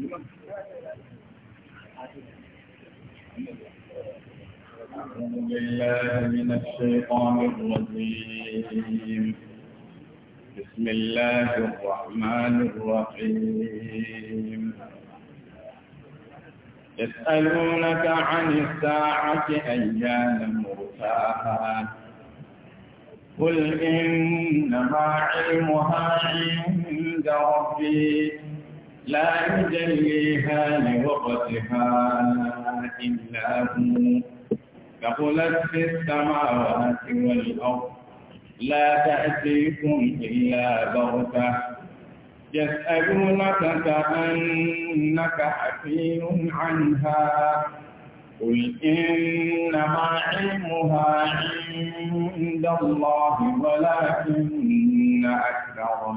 من الشيطان الرجيم بسم الله الرحمن الرحيم يسألونك عن الساعة أيان مرساها قل إنما علمها عند ربي لا يجليها لوقتها إلا هو فقلت في السماوات والأرض لا تأتيكم إلا بغتة يسألونك كأنك حفي عنها قل إنما علمها عند الله ولكن أكثر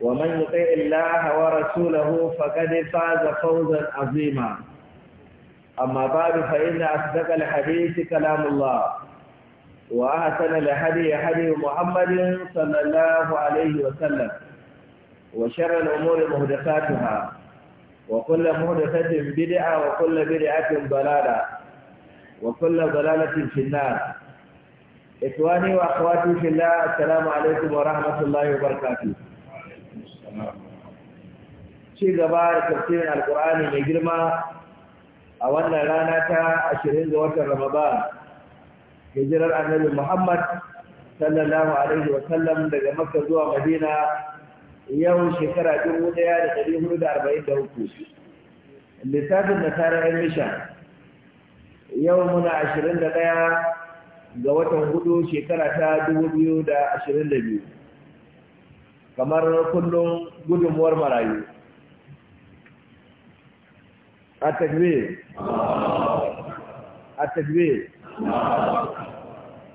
ومن يطع الله ورسوله فقد فاز فوزا عظيما أما بعد فإن أصدق الحديث كلام الله وأحسن الهدي هدي محمد صلى الله عليه وسلم وشر الأمور محدثاتها وكل محدثة بدعة وكل بدعة ضلالة وكل ضلالة في النار إخواني وأخواتي في الله السلام عليكم ورحمة الله وبركاته ci gaba da tafsirin alkur'ani mai girma a wannan rana ta ashirin ga watan ramadan hijirar annabi muhammad sallallahu alaihi sallam daga makka zuwa madina yau shekara dubu daya da dari hudu da arba'in da uku lissafin nasara yan mishan yau muna ashirin da ɗaya ga watan hudu shekara ta dubu biyu da ashirin da biyu kamar kullum gudunmuwar marayu a tagbe. a tagbe.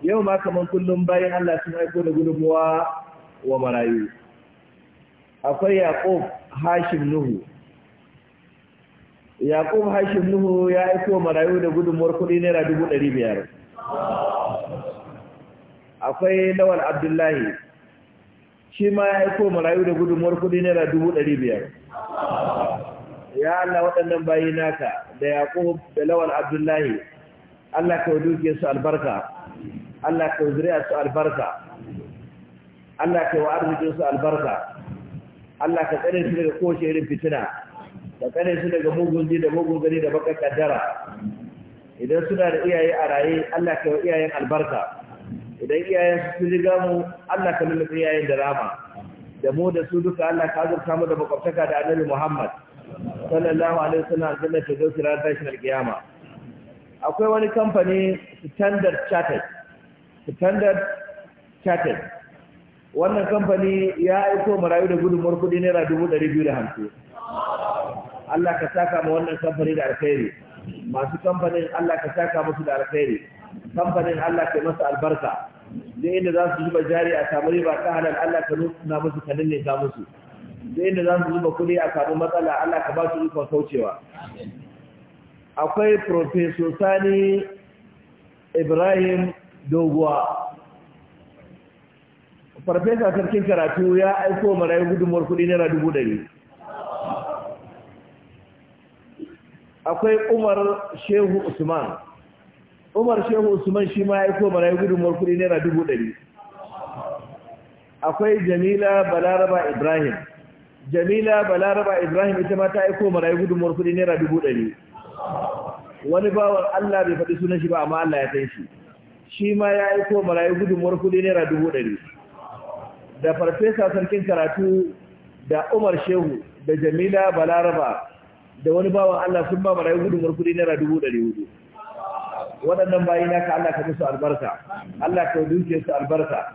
yau ma kamar kullum bayan Allah sun aiko da gudunmuwa wa marayu akwai yaqub hashim nuhu yaqub hashim nuhu ya aiko marayu da gudunmuwar kuɗi naira dubu ɗari biyar akwai lawal abdullahi shi ma ya aiko marayu da gudunmuwar kuɗi naira dubu ɗari biyar ya Allah waɗannan bayi naka da yaƙub da lawal abdullahi Allah ka duke su albarka Allah ka zuriya su albarka Allah ka wa arzikin su albarka Allah ka tsare su daga kowace irin fitina ka tsare su daga mugun ji da mugun gani da baka kaddara idan suna da iyaye a raye Allah ka wa iyayen albarka idan iyayen su sun riga mu Allah ka lulluɓe iyayen da rama da mu da su duka Allah ka azurta mu da makwabtaka da annabi Muhammad sallallahu alaihi wasallam aljanna ta zo kira tashin kiyama akwai wani kamfani Standard Chartered Standard Chartered wannan kamfani ya aiko marayu da gudunmuwar kuɗi naira dubu ɗari biyu da hamsin Allah ka saka ma wannan kamfani da alkhairi masu kamfanin Allah ka saka musu da alkhairi kamfanin Allah ke masa albarka da inda za su zuba jari a samu riba ta halal Allah ka nuna musu ka nanne ka musu da inda za su zuba kuɗi a samu matsala Allah ka ba su ikon kaucewa akwai professor Sani Ibrahim Doguwa farfesa sarkin karatu ya aiko marayu gudunmuwar kuɗi naira dubu ɗari akwai umar shehu usman umar shehu usman shi ma ya ko yi gudunmuwar kuɗi naira dubu ɗari akwai jamila balaraba ibrahim jamila balaraba ibrahim ita ma ta aiko yi gudunmuwar kudi naira dubu ɗari wani bawan allah bai faɗi sunan shi ba amma allah ya san shi shi ma ya aiko yi gudunmuwar kudi naira dubu ɗari da farfesa sarkin karatu da umar shehu da jamila balaraba da wani bawan allah sun ba yi gudunmuwar kudi naira dubu ɗari hudu waɗannan bayi naka Allah ka musu albarka Allah ka duke su albarka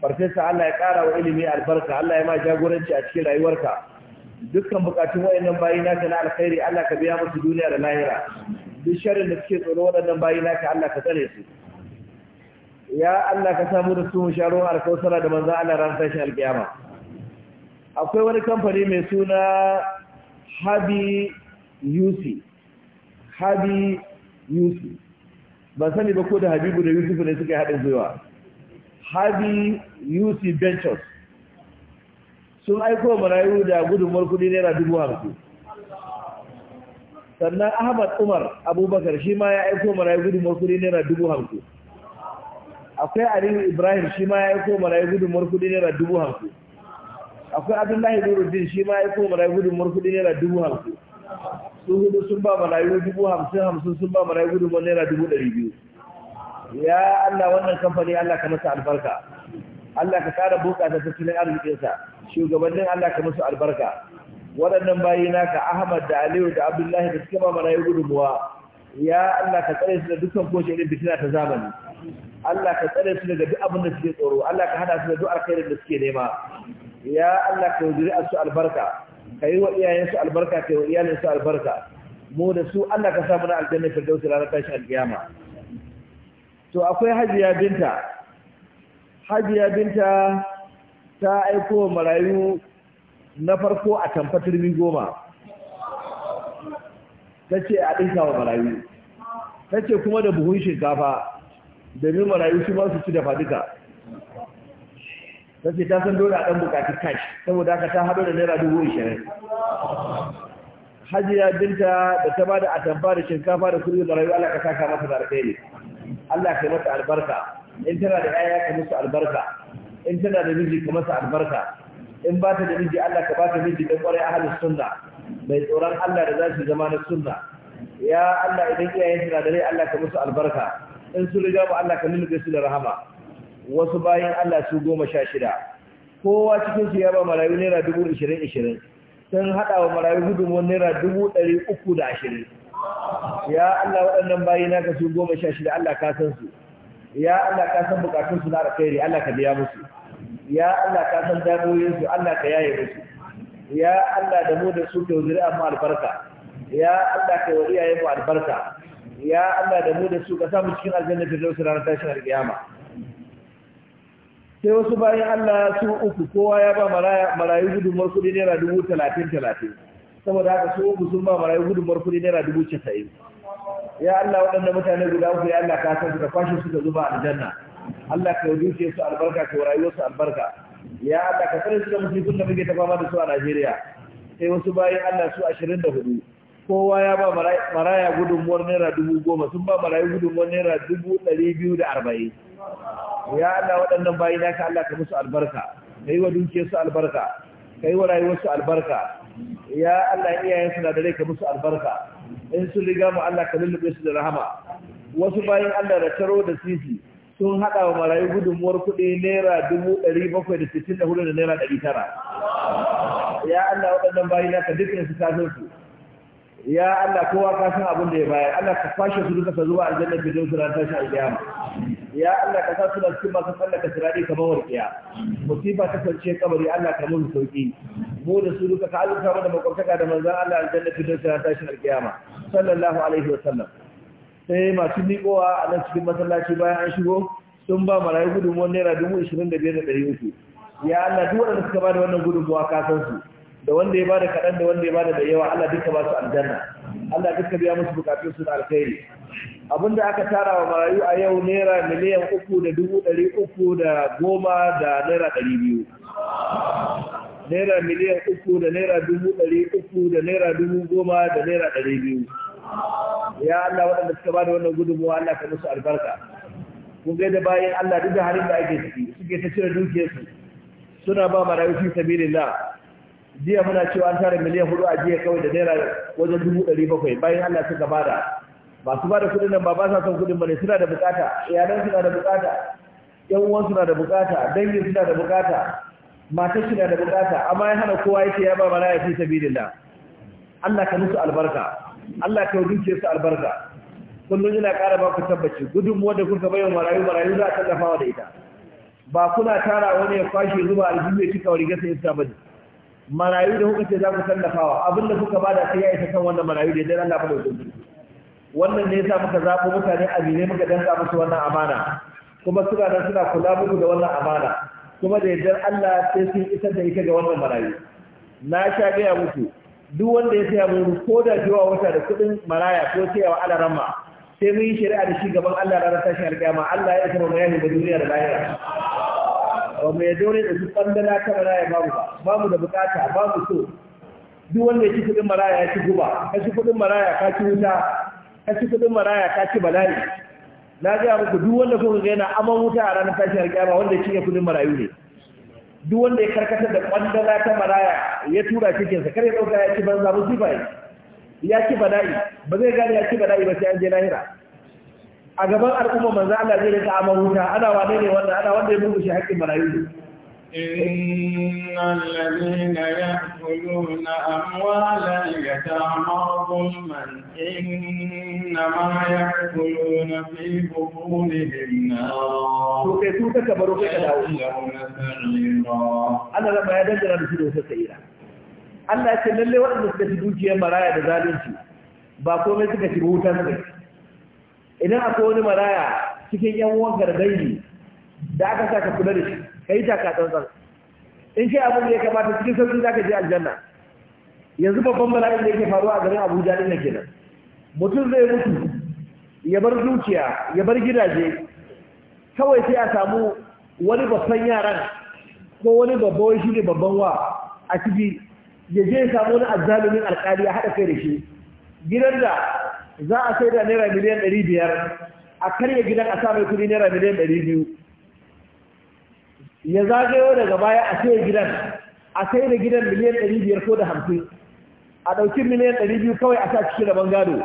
farfesa Allah ya ƙara wa ilimi albarka Allah ya ma jagoranci a cikin rayuwarka dukkan bukatun wayannan bayi naka na alkhairi Allah ka biya musu duniya da lahira duk sharrin da suke tsoro waɗannan bayi naka Allah ka tsare su ya Allah ka samu da su mu sha ruwan alkausara da manzan Allah ran tashin alkiyama akwai wani kamfani mai suna Habi yusi Habi UC ban sani ba ko da habibu da yusuf ne suka yi haɗin zuwa. habi yusuf ventures sun aiko marayu da gudunmuwar kudi naira dubu hamsin sannan ahmad umar abubakar shi ma ya aiko marayu gudunmuwar kudi naira dubu hamsin akwai aliyu ibrahim shi ma ya aiko marayu gudunmuwar kudi naira dubu hamsin akwai abdullahi nuruddin shi ma ya aiko marayu gudunmuwar kudi naira dubu hamsin sun hudu sun ba marayu dubu hamsin hamsin sun ba marayu gudunmuwar naira dubu ɗari biyu ya Allah wannan kamfani Allah ka masa albarka Allah ka kara ta tattalin arzikinsa shugabannin Allah ka masa albarka waɗannan bayi naka Ahmad da Aliyu da Abdullahi da suka ba marayu gudunmuwa ya Allah ka tsare su da dukkan kowace irin fitina ta zamani Allah ka tsare su daga duk abin da suke tsoro Allah ka hada su da duk alkhairin da suke nema ya Allah ka yi su albarka ka yi wa iyayensu albarka ka yi wa iyalinsu albarka mu da su Allah ka sa mana aljanna firdausi ranar tashin alkiyama to akwai hajiya binta hajiya binta ta aiko marayu na farko a tamfatar mi goma ta ce a ɗinka wa marayu ta ce kuma da buhun shinkafa domin marayu su ma su ci dafa duka sai ta san dole a ɗan bukaci cash saboda haka ta haɗo da naira dubu ishirin hajiya binta da ta ba da atamfa da shinkafa da kuri da rayuwa Allah ka saka masa da alkhairi Allah ka masa albarka in tana da yaya ka musu albarka in tana da miji ka masa albarka in ba ta da miji Allah ka ba ta miji da kwarai ahlus sunna mai tsoron Allah da za su zama na sunna ya Allah idan iyayen suna da rai Allah ka musu albarka in su riga ba, Allah ka nuna su da rahama wasu bayan Allah su goma sha shida kowa cikin su ya ba marayu naira dubu ishirin ishirin sun haɗa wa marayu gudunmuwan naira dubu ɗari uku da ashirin ya Allah waɗannan bayi naka su goma sha shida Allah ka san su ya Allah ka san bukatun su na alkhairi Allah ka biya musu ya Allah ka san damoyin su Allah ka yaye musu ya Allah da mu da su ka zuri'a mu albarka ya Allah ka wa iyayen mu albarka ya Allah da mu da su ka samu cikin aljanna da ranar tashin alƙiyama sai wasu bayan Allah su uku kowa ya ba marayu gudunmar kuɗi naira dubu talatin talatin saboda haka su uku sun ba marayu gudunmar kuɗi naira dubu casa'in ya Allah waɗanda mutane guda uku ya Allah ka san su da kwashe su da zuba aljanna Allah ka duke su albarka ka rayuwar su albarka ya Allah ka sani su da sun da muke ta fama da su a Najeriya sai wasu bayan Allah su ashirin da hudu kowa ya ba maraya gudunmuwar naira dubu goma sun ba marayu gudunmuwar naira dubu ɗari biyu da arba'in ya Allah waɗannan bayi na ka Allah ka musu albarka kai wa dukiyar su albarka kai wa rayuwar su albarka ya Allah iyayen su na da rai ka musu albarka in sun riga mu Allah ka lullube su da rahama wasu bayin Allah da taro da sisi sun haɗa wa marayu gudunmuwar kuɗi naira dubu ɗari bakwai da sittin da hudu da naira ɗari tara. Ya Allah waɗannan bayi ka dukkan su kafin su. ya Allah kowa ka san abin da ya bayar Allah ka fashe su duka zuwa aljanna fi dawsu ran tashi alƙiyama ya Allah ka sa su da cikin masu tsallaka ka kamar warkiya musiba ta kance kabari Allah ka mun sauki mu da su duka ka alƙa mana da da manzon Allah aljanna fi dawsu ran tashi alƙiyama sallallahu alaihi wa sallam sai masu miƙowa a nan cikin masallaci bayan an shigo sun ba marayu gudunmuwar naira dubu ishirin da biyar da ɗari uku ya Allah duk waɗanda suka ba da wannan gudunmuwa ka san su da wanda ya bada kaɗan da wanda ya bada da yawa Allah duka ba su aljanna Allah duka biya musu bukatun su da alkhairi abinda aka tara wa marayu a yau naira miliyan uku da dubu ɗari uku da goma da naira ɗari biyu naira miliyan uku da naira dubu ɗari uku da naira dubu goma da naira ɗari biyu ya Allah waɗanda suka bada wannan gudunmawa Allah ka musu albarka kun ga da bayan Allah duk da harin da ake ciki suke ta cire dukiyarsu suna ba marayu fi sabilillah jiya muna cewa an tara miliyan hudu a jiya kawai da naira wajen dubu ɗari bakwai bayan Allah suka bada masu bada kuɗin nan ba ba sa son kuɗin bane suna da bukata iyalan suna da bukata yan uwan suna da bukata dangin suna da bukata matar suna da bukata amma ya hana kowa yake ya ba mana ya fi sabilillah Allah ka musu albarka Allah ka dukiye su albarka kullum ina ƙara ba ku tabbaci gudunmuwar da kuka bayan marayu marayu za a tallafa da ita ba kuna tara wani ya kwashe zuba aljihu ya cika wani gasa ya sa bane marayu da kuka ce za ku tallafawa abinda kuka bada sai ya isa kan wannan marayu da dan Allah fa da wannan ne yasa muka zabo mutane abine muka danka musu wannan amana kuma suna nan suna kula muku da wannan amana kuma da yardar Allah sai sun isar da ita ga wannan marayu na sha gaya muku duk wanda ya saya mun ko da jiwa wata da kuɗin maraya ko sai sayawa alarama sai mun yi shari'a da shi gaban Allah ranar tashin alƙiyama Allah ya isa mu bayani da duniya da lahira mai ya daure da su kwandala ta maraya babu ba babu da bukata babu so duk wanda ya ci kudin maraya ya ci guba ka ci kudin maraya ka ci wuta ka ci kudin maraya ka ci bala'i na gaya muku duk wanda kuka ga yana aman wuta a ranar tashin alƙiyama wanda ya cinye kudin marayu ne duk wanda ya karkatar da kwandala ta maraya ya tura cikinsa kar ya ɗauka ya ci banza musifa ya ci bala'i ba zai gane ya ci bala'i ba sai an je lahira a gaban al’umma manzan Allah zai rika amon wuta ana wane ne wanda ana wanda ya mugu shi hakkin marayu ne. Innan lalle na ya kulu na amwala ya ta mawazun man inna ma ya kulu na fi buku ne na rawa. Tuke tuka ka baro kai ka dawo. da Allah ya ce lalle waɗanda suka ci dukiyar maraya da zalunci ba komai suka ci wutar mai. idan akwai wani maraya cikin yan uwan dangi da aka sa ka kula da shi ka yi taka tsantsan in shi abin da ya kamata cikin sauƙi za ka je aljanna yanzu babban bala'in da yake faruwa a garin abuja ɗin nan mutum zai mutu ya bar zuciya ya bar gidaje kawai sai a samu wani babban yaran ko wani babban shi ne babban wa a ciki ya je ya samu wani azzalumin alkali a haɗa kai da shi gidan da za a sai da naira miliyan ɗari biyar a karya gidan a sa mai kuɗi naira miliyan ɗari biyu ya zagayo daga baya a sai gidan a sai da gidan miliyan ɗari biyar ko da hamsin a ɗauki miliyan ɗari biyu kawai a sa cikin da gado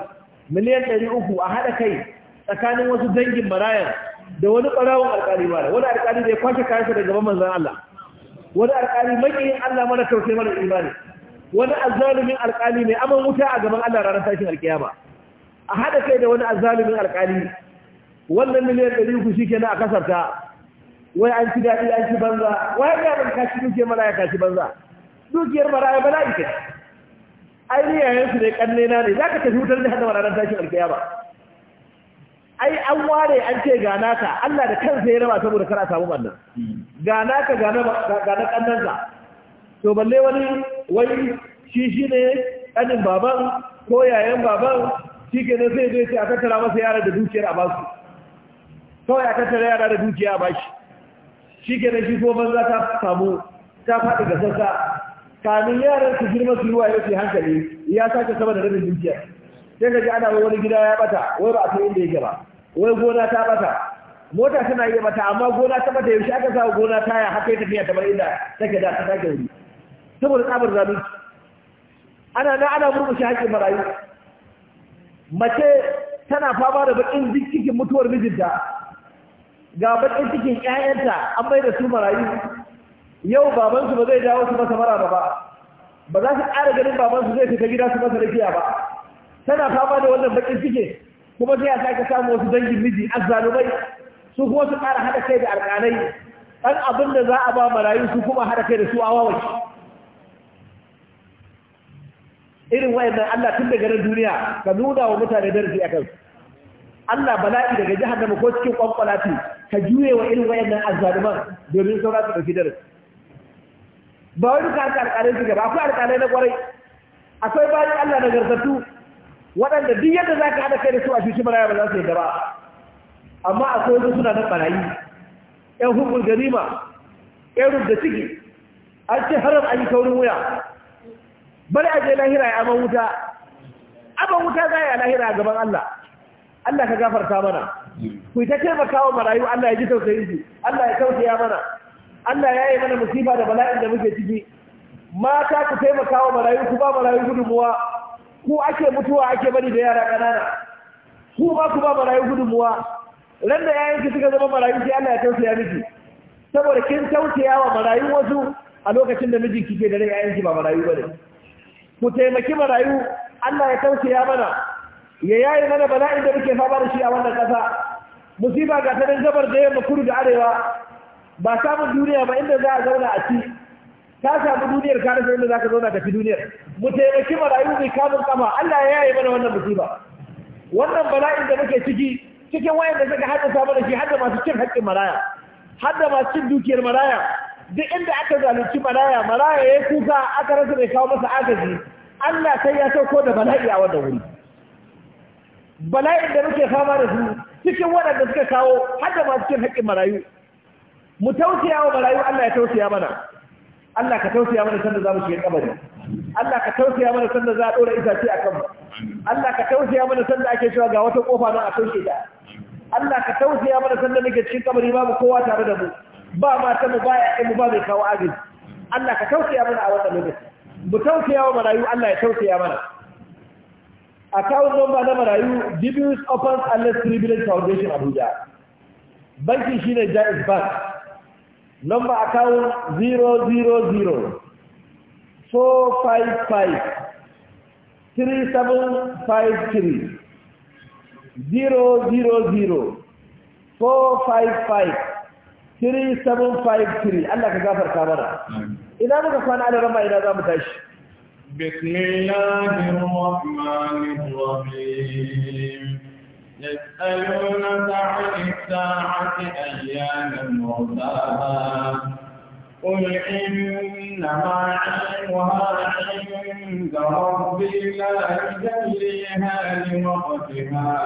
miliyan ɗari uku a haɗa kai tsakanin wasu dangin marayan da wani ɓarawon alƙali da wani alƙali da ya kwashe kayansa daga gaban manzan Allah wani alƙali maƙiyin Allah mana kyautai mana imani wani azzalumin alƙali mai aman wuta a gaban Allah ranar tashin alƙiyama a haɗa kai da wani azalimin alƙali wannan miliyan ɗari ku shi kenan a ta, wai an ci daɗi an ci banza wai ya ban kashi dukiyar ya kashi banza dukiyar maraya ba la'i kai ai ni yayin su ne kanne na ne zaka tafi wutar da hadawa ranar tashin alƙiyama ai an ware an ce ga naka Allah da kansa ya raba saboda kar a samu bannan ga naka ga na ga na kannanka to balle wani wai shi shine kanin baban ko yayan baban shi ke nan sai zai ce a tattara masa yara da dukiyar a basu kawai a tattara yara da dukiya a bashi shi ke nan shi ko banza ta samu ta faɗi ga sassa kamin yaran su girma su ruwa yau hankali ya sake sama da rabin dukiyar sai ka ji ana wani gida ya bata wai ba a san inda yake ba wai gona ta bata mota tana iya mata amma gona ta bata yaushe aka sa gona taya haka ya tafiya kamar inda take da ta take wuri saboda tsabar zalunci ana na ana murmushi haƙƙin marayu mace tana fama da bakin cikin mutuwar mijinta ga bakin cikin ƴaƴanta an bai da su marayu yau babansu ba zai dawo su masa maraba ba ba za su ƙara ganin babansu zai fita gida su masa rakiya ba tana fama da wannan bakin cikin kuma sai a sake samu wasu dangin miji azzalumai su kuma su ƙara haɗa kai da alƙalai ɗan abin da za a ba marayu su kuma haɗa kai da su a irin wayannan Allah tun daga nan duniya ka nuna wa mutane darasi a kansu Allah bala'i daga jihar jahannama ko cikin ce ka juye wa irin wayannan azzaluman domin saura su dauki darasi ba wani ka aka alƙalai su gaba akwai alƙalai na kwarai akwai bayan Allah na gartattu waɗanda duk yadda za ka haɗa kai da su a cuci maraya ba za su yi gaba amma akwai wasu suna nan barayi ƴan hukun ganima ƴan rubda ciki an ce haram an yi kaurin wuya bari a je lahira ya aban wuta aban wuta za ya lahira gaban Allah Allah ka gafarta mana ku ta taimaka wa marayu Allah ya ji tausayin su Allah ya tausaya mana Allah ya yi mana musiba da bala'in da muke ciki mata ku taimaka wa marayu ku ba marayu gudunmuwa ku ake mutuwa ake bari da yara ƙanana ku ma ku ba marayu gudunmuwa ran da yayin ki suka zama marayu sai Allah ya tausaya miki saboda kin tausaya wa marayu wasu a lokacin da mijin kike da rai yayin ki ba marayu bane mu taimaki marayu Allah ya tausaya mana ya yayi mana bala'in da muke fama da shi a wannan ƙasa musiba ga ta nan gabar da yamma kudu da arewa ba samun duniya ba inda za a zauna a ci ka samu duniyar ka rasa inda za ka zauna tafi duniyar mu taimaki marayu mai kamun kama Allah ya yayi mana wannan musiba wannan bala'in da muke ciki cikin wayanda suka haddasa mana shi hadda masu cin haƙƙin maraya hadda masu cin dukiyar maraya duk inda aka zalunci maraya malaya ya kuka aka rasa mai kawo masa agaji Allah sai ya sauko da bala'i a wannan wuri bala'in da muke fama da su cikin waɗanda suka kawo har da masu cikin haƙƙin marayu mu tausaya wa marayu Allah ya tausaya mana Allah ka tausaya mana sanda za mu shiga kabari Allah ka tausaya mana sanda za a ɗora itace a kanmu Allah ka tausaya mana sanda ake cewa ga wata kofa nan a toshe ta Allah ka tausaya mana sanda nake cikin kabari babu kowa tare da mu ba mata mu baya ya mu ba mai kawo agaji Allah ka tausaya mana a wannan lokaci mu tausaya wa marayu Allah ya tausaya mana account number na marayu Dubious Opens Unless Privilege Foundation Abuja banki shine Jaiz Bank number account 000 455 3753 000 455 3753 Allah ka gafarta mana ina muka kwana da rama ina za mu tashi بسم الله الرحمن الرحيم يسألونك عن الساعة أيان مرساها قل إنما علمها عند ربي لا يجليها لوقتها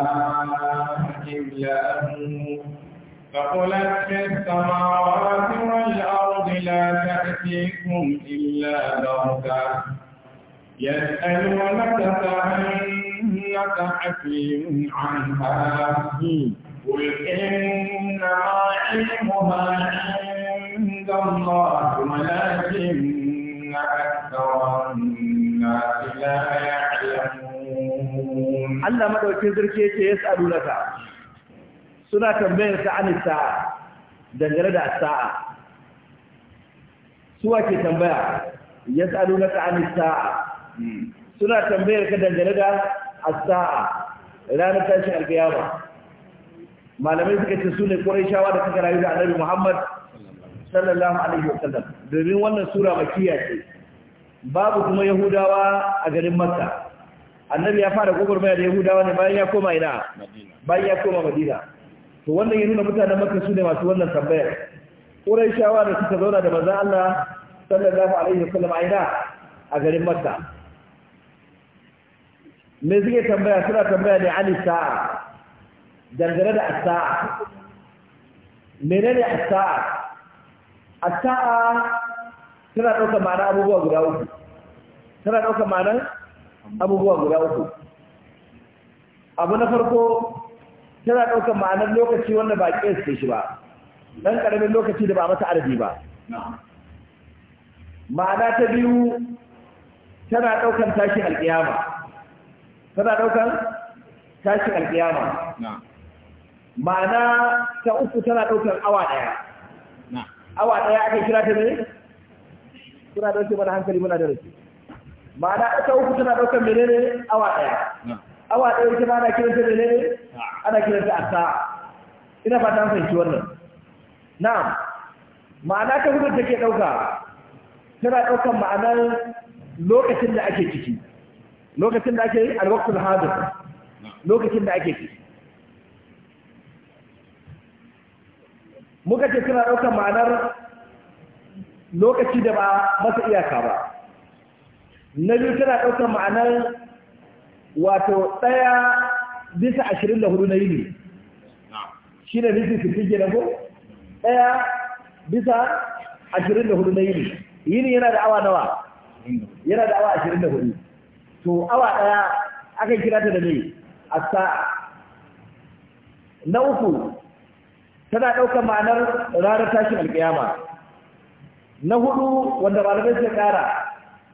إلا هو فقلت في السماوات والأرض لا تأتيكم إلا بغتة يسألونك فأنك حكيم عنها قل إنما علمها عند الله ولكن أكثر الناس لا يعلمون الله ما دوكي ذركي يسألونك suna tambayar sa an sa'a dangane da sa'a suwa ke tambaya ya yas'alunaka an sa'a suna tambayar ka dangane da saa ranar tashin alkiyama malamai suka ce su ne shawa da suka rayu da annabi muhammad sallallahu alaihi wa sallam domin wannan sura makiya ce babu kuma yahudawa a garin makka annabi ya fara gwagwarmaya da yahudawa ne bayan ya koma ina bayan ya koma madina to wannan ya nuna mutanen maka su ne masu wannan tambayar shawa da suka zauna da maza Allah sallallahu alaihi wasallam aina a garin makka me suke tambaya suna tambaya ne ali sa'a dangane da asa'a menene asa'a asa'a tana ɗauka ma'ana abubuwa guda uku tana ɗauka ma'ana abubuwa guda uku abu na farko tana ɗaukar ma'anar lokaci wanda ba ƙes ke shi ba ɗan ƙaramin lokaci da ba masa arzi ba ma'ana ta biyu tana ɗaukar tashi alƙiyama tana ɗaukar tashi alƙiyama ma'ana ta uku tana ɗaukar awa ɗaya awa ɗaya aka kira ta ne kuna ɗauke mana hankali muna da rasu ma'ana ta uku tana ɗaukar menene awa ɗaya awa ɗaya wuce ma ana kiranta ta ne ana kiranta ta asa ina fata fahimci wannan na'am ma'ana ta hudu take ɗauka tana ɗaukan ma'anar lokacin da ake ciki lokacin da ake alwaktul hadir lokacin da ake ciki muka ce tana ɗaukar ma'anar lokaci da ba masa iyaka ba na biyu tana ɗaukan ma'anar wato ɗaya bisa ashirin da hudu na yini shi ne bisa sittin gina ko ɗaya bisa ashirin da hudu na yini yini yana da awa nawa yana da awa ashirin da hudu to awa ɗaya aka kira ta da ne a sa'a na uku tana ɗaukar ma'anar ranar tashin alƙiyama na hudu wanda malamai suka ƙara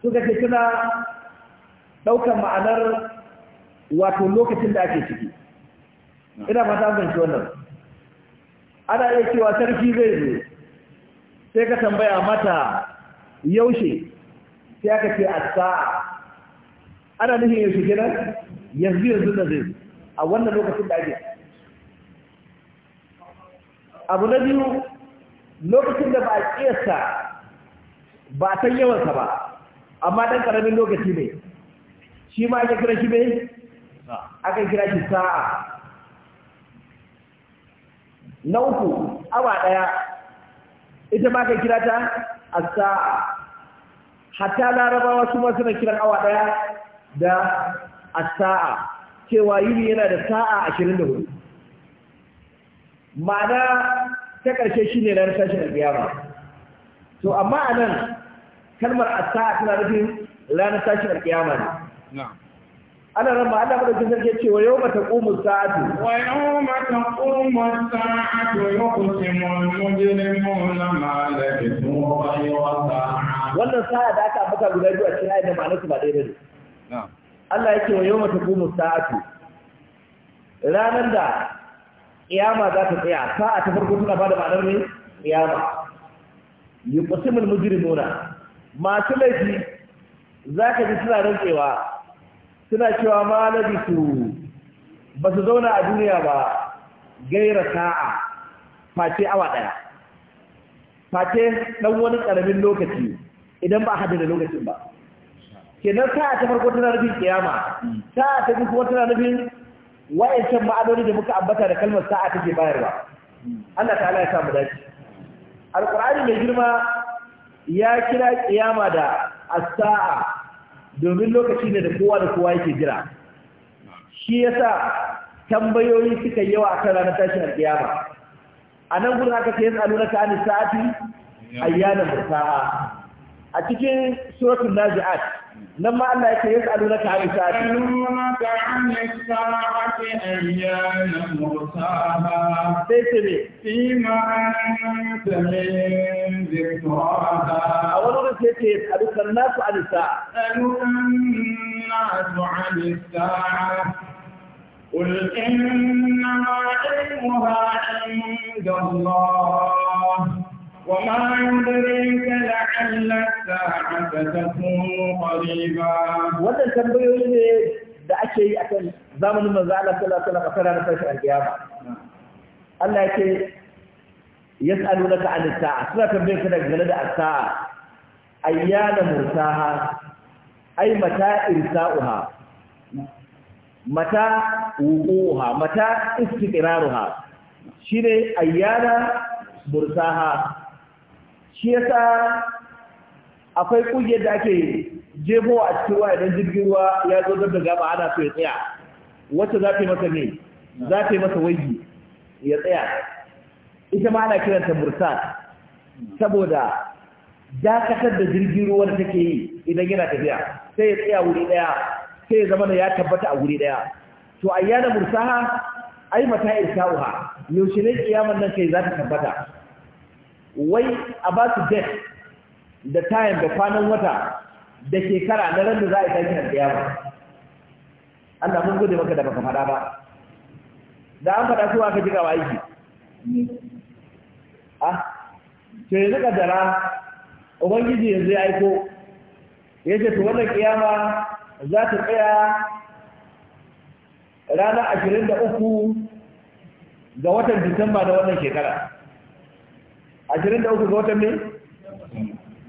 suka ce tana ɗaukar ma'anar wato lokacin da ake ciki ina fata ganci wannan ana iya cewa sarki zai zo sai ka tambaya mata yaushe sai aka ce a sa'a ana nufin yaushe kenan yanzu yanzu da zai a wannan lokacin da ake abu na biyu lokacin da ba a ƙiyasta ba a san yawansa ba amma ɗan ƙaramin lokaci ne shi ma ya kira shi ne aka kira shi sa'a na uku awa ɗaya ita ma ka kira ta a sa'a hatta larabawa su ma suna kiran awa ɗaya da a sa'a cewa yini yana da sa'a ashirin da hudu ma'ana ta ƙarshe shi ne ranar sashen alƙiyama to amma a nan kalmar a sa'a tana nufin ranar sashen alƙiyama ne ana ran ma Allah madaukin sarki ce wa yawma taqumu sa'atu wa yawma taqumu sa'atu yuqsimu al-mujrimuna ma labithu wa sa'a wannan sa'a da aka ambata guda biyu a cikin ayat da ma'anar su ba ɗaya bane na'am Allah yake wa yawma taqumu sa'atu ranar da kiyama za ta tsaya sa'a ta farko tana bada ma'anar ne kiyama yuqsimu al-mujrimuna masu laifi zaka ji suna rantsewa suna cewa ma labisu ba su zauna a duniya ba gaira sa'a face awa ɗaya face ɗan wani karamin lokaci idan ba a da lokacin ba kenan sa'a ta farko tana nufin kiyama sa'a ta biyu kuma tana nufin wa'ancan ma'anoni da muka ambata da kalmar sa'a take bayarwa Allah ta'ala ya samu dace alqur'ani mai girma ya kira kiyama da as-sa'a domin lokaci ne da kowa da kowa yake jira shi yasa tambayoyi suka yi yawa akan ranar tashin alƙiyama a nan gudun haka sai yasa nuna ta anis sa'ati ayyana mursa'a a cikin suratul nazi'at nan ma Allah yake yasa nuna ka anis sa'ati nuna anis sa'ati ayyana mursa'a sai ne ذكراها أولا سيتيت ألوك الناس عن الساعة ألوك الناس عن الساعة قل إنما علمها عند الله وما يدريك لعل الساعة تكون قريبا وده تنبيه da ake yi akan zamanin manzo Allah sallallahu alaihi wasallam a ranar tashin alkiyama Allah yake yas'alunaka 'an as-sa'a suna tambayar ka dangane da as-sa'a ayyana mursaha ay mata irsa'uha mata wuquha mata istiqraruha shine ayyana mursaha shi yasa akwai ƙungiyar da ake jefo a cikin ruwa idan jirgin ruwa ya zo da gaba ana so ya tsaya wacce za ta yi masa ne za ta yi masa waigi ya tsaya ita ma ana kiranta mursal saboda dakatar da jirgin ruwa da take yi idan yana tafiya sai ya tsaya wuri daya sai ya zama da ya tabbata a wuri daya to ayyana mursaha ai mata irsauha yaushe ne kiyaman nan kai za ta tabbata wai a ba su date da time da kwanan wata da shekara na ran da za a yi kiyama Allah mun gode maka da baka fada ba da an fada su aka jiga wa aiki to yanzu kaddara ubangiji yanzu ya aiko ya ce to wannan kiyama za ta tsaya ranar ashirin da uku ga watan disamba da wannan shekara ashirin da uku ga watan ne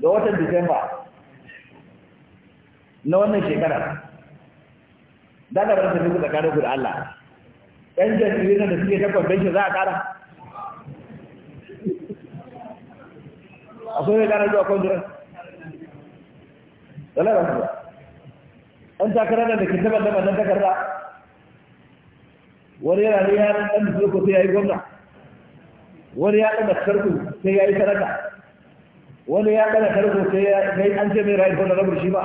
ga watan disamba na wannan shekara da ga rantar duk tsakanin ku da Allah ɗan jam'iyyar da suke ta convention za a ƙara akwai mai ƙara zuwa kwanduran wala ba su ba an takarar da ke taɓa da nan takarda wani yana ne ya ɗan da ko sai ya yi gwamna wani ya ɗan da karku sai ya yi sadaka wani ya ɗan da karku sai ya yi an ce mai rayu gwamna na burshi ba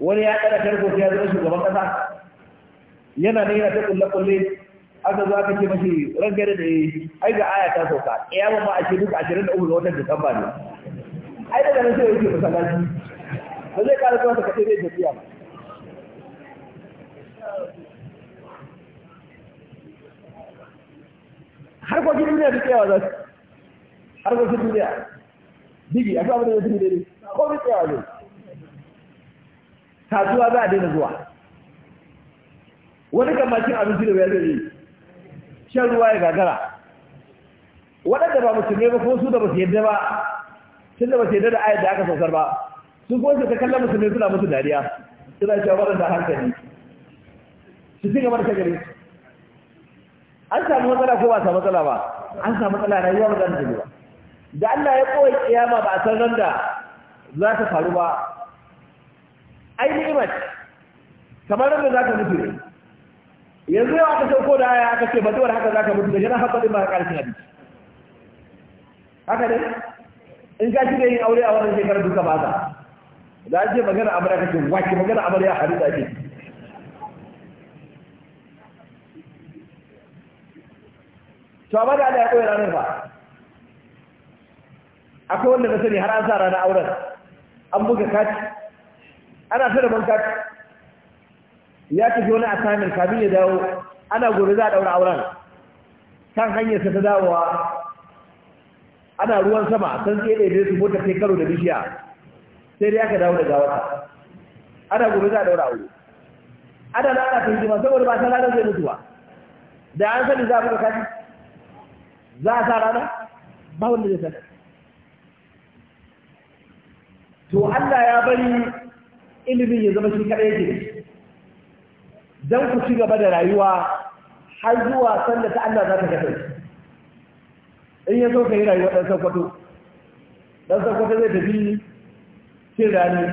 wani ya ɗan da karku sai ya zama shugaban ƙasa yana ne yana ta kulle-kulle aka zo aka ce mashi rangare da yi ai ga aya ta sauka kiyama ma a ce duka 23 ga watan Disamba ne ai daga nan sai yake masallaci ba zai kara zuwa ka sai da tafiya ba harkokin duniya da tsayawa za su harkokin duniya digi a kawo da ya tafi daidai ko mai tsayawa zai kasuwa za a daina zuwa wani kan macin abinci da ya zai yi shan ruwa ya gagara waɗanda ba musulmi ba ko su da ba su yadda ba tun da ba su yadda da ayat da aka saukar ba su ko su ta kallon musulmi suna musu dariya suna cewa waɗanda hankali su fi gaba da shagari an samu matsala ko ba samu matsala ba an samu matsala yi ba za da ba da Allah ya kowai kiyama ba a san ran da za ta faru ba ai mace kamar ran da za ta mutu ne yanzu yau aka sauko da aya aka ce batuwar haka za ka mutu da jana haɓarin ba ƙarfin abinci haka ne in ka shirya yin aure a wannan shekarar duka ba za a ake magana amara ka ce wake magana amara ya haɗu da to amma da Allah ya koya ranar ba akwai wanda na sani har an sa ranar auren an buga kati ana sa da ban kati ya tafi wani assignment kafin ya dawo ana gobe za a daura auren kan hanyarsa ta dawowa ana ruwan sama san tsere da su mota kai karo da bishiya sai dai aka dawo da gawarsa ana gobe za a daura aure ana da ana fahimta saboda ba san ranar zai mutu ba da an sani za a buga kaji za a sa rana ba wanda zai sani to Allah ya bari ilimin ya zama shi kaɗai yake don ku ci gaba da rayuwa har zuwa sanda ta Allah za ta kasance in ya so ka yi rayuwa ɗan sakwato ɗan sakwato zai tafi cin rani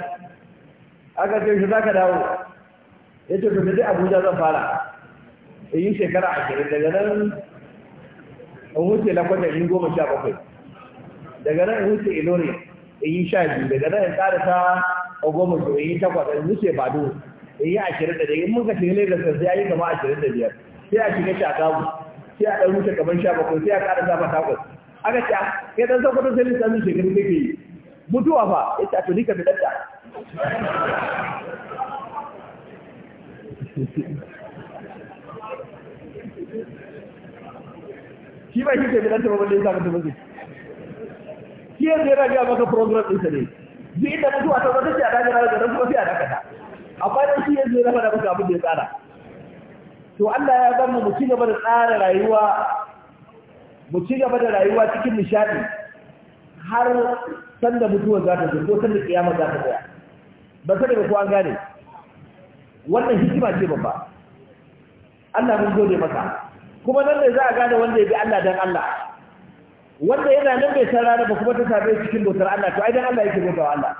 aka ce shi za ka dawo ya ce tafi abuja zan fara in yi shekara a ashirin daga nan in huce lakwata in goma sha bakwai daga nan in huce ilori in yi sha biyu daga nan in tsara ta a goma in yi takwas in wuce bado in eh, yi ashirin da in muka shiga da kan sai yi kama ashirin da biyar sai a shiga kamu, sai a ɗan wuce kamar sha bakwai sai a ƙara zama takwas aka ce ah, kai ɗan sakwato sai lissafin shekaru kake yi mutuwa fa ya ce a tuni ka bi ɗanta shi ba shi ke bi ɗanta ba wanda ya sa mutum mutum shi yanzu yana gaya maka program ɗinsa ne duk inda mutuwa ta wata ce a dajira da nan kuma sai a dakata a kwanan shi yanzu ya da maka abin da ya tsara to Allah ya zama mu ci gaba da tsara rayuwa mu ci gaba da rayuwa cikin nishadi har sanda mutuwa za ta zo ko sanda kiyama za ta tsaya ba sai daga kowa gane wannan hikima ce babba Allah mun gode maka kuma nan ne za a gane wanda ya bi Allah dan Allah wanda yana nan bai san rana ba kuma ta same cikin dokar Allah to ai dan Allah yake bautawa Allah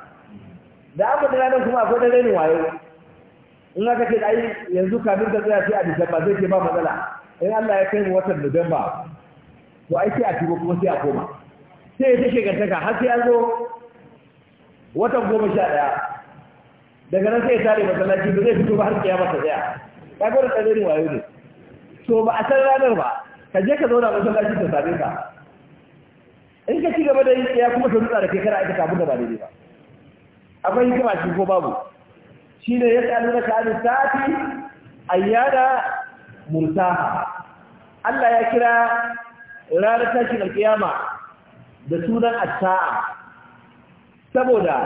da aka da ranar kuma akwai da rainin wayo in aka ce ai yanzu kafin ka tsaya sai a disamba zai ce ba matsala in Allah ya kai mu watan Nuwamba to ai sai a shigo kuma sai a koma sai ya take gantaka har sai an zo watan goma sha ɗaya daga nan sai ya tare masallaci ba zai fito ba har kiyama ta tsaya ka gwada tsadirin wayo ne to ba a san ranar ba ka je ka zauna masallaci ta same ka in ka ci gaba da yin tsaya kuma ta rutsa da kai kana aikata abu da ba daidai ba akwai hikima shi ko babu shine ya kalu ka an sati ayyada murtaha Allah ya kira ranar tashin alkiyama da sunan atta'a saboda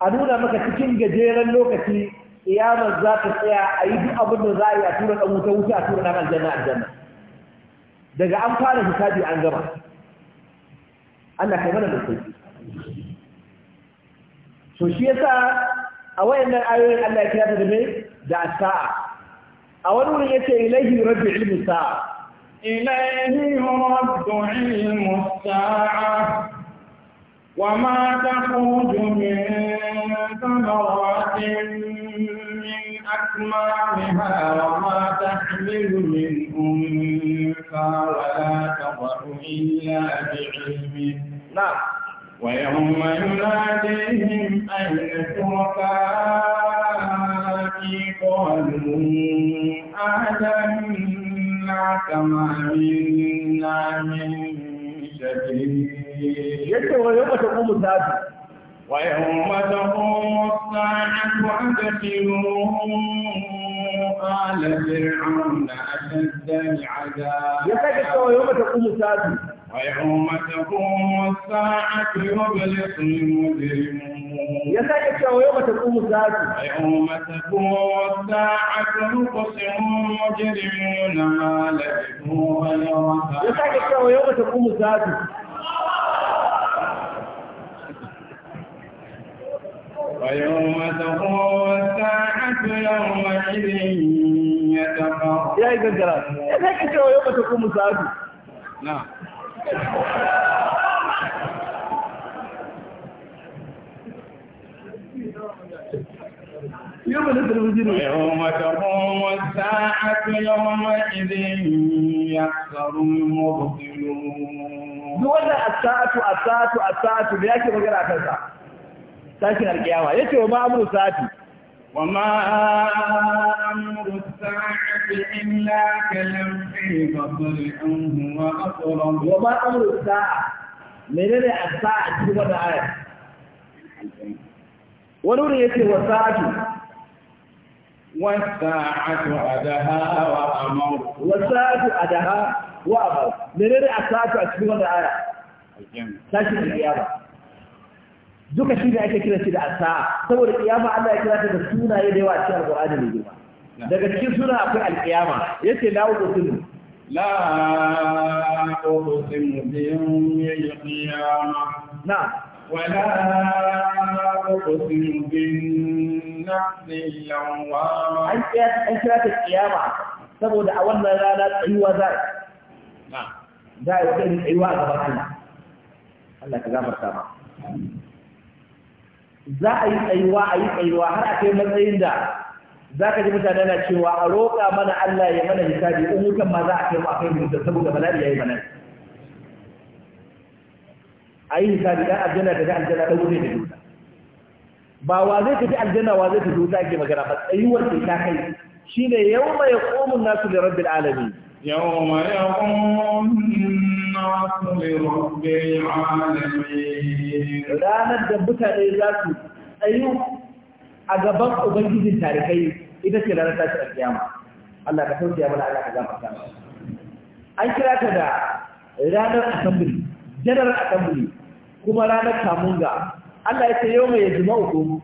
a nuna maka cikin gajeren lokaci iyamar za ta tsaya a yi duk abin da za a yi a tura ɗan wuta wuta a tura ɗan aljanna aljanna daga an fara hisabi an gama Allah kai mana da kai to shi yasa a wayannan ayoyin Allah ya kira ta da me da sa'a a wani wurin yace ilaihi rabbi ilmu sa'a ilaihi rabbi ilmu sa'a wa ma taqudu min thamaratin من أكمامها وما تحمل من أنثى ولا تضع إلا بعلمه نعم ويوم يناديهم أين شركائي قالوا آذنا كما منا من شيء ويوم تقوم الساعة ويوم الساعة قال فرعون أشد العذاب يا يوم تقوم الساعة ويوم تقوم الساعة يبلس المجرمون ويوم تقوم الساعة ويوم تقوم الساعة يقسم المجرمون ما لبثوا غير ويوم تقوم الساعة ويوم تقوم الساعة يومئذ يتفرقون يا إذا الجلال يا يوم تقوم الساعة نعم يوم يوم تقوم الساعة يومئذ يخسر المبطلون ولا الساعة الساعة الساعة ليش بغير أكثر ساكن يتوى ما أمر ساعتي وما أمر الساعة إلا كلمح البصر أو هو أقرب وما أمر الساعة menene as-sa'a cikin aya wani ori yake wa sa'atu Wasa a adaha a amr wa sa'atu adaha wa amr a aya tashi duka shi ne ake kira shi da asa saboda kiyama Allah ya kira ta da sunaye da yawa a cikin alqur'ani mai girma daga cikin suna akwai alkiyama yace la uqsimu la uqsimu bi yawmil qiyamah na ولا أقسم بالنفس اللوامة أنت لا القيامة سبب أولنا لا لا تعيوى ذلك نعم ذلك يمكن العيوى غبر الله الله كذا مرتبه za a yi tsayuwa a yi tsayuwa har a kai matsayin da za ka ji mutane na cewa a roƙa mana Allah ya mana hisabi in wutan ma za a kai mu a kai mu da saboda bala'i ya yi mana a yi hisabi dan aljanna da aljanna ɗan wuri da duta ba wa zai tafi aljanna wa zai tafi wuta ake magana ba tsayuwar ke ta kai shine yawma yaqumun nasu li rabbil alamin yawma yaqumun ranar da mutane za su tsayu a gaban ubangijin tarikai ita ce ranar tashi a kiyama Allah ka sauke mana Allah ka gafarta ta. an kira ta da ranar asambili, general asambili, kuma ranar kamunga Allah ya ce yau mai uku. jima'ukum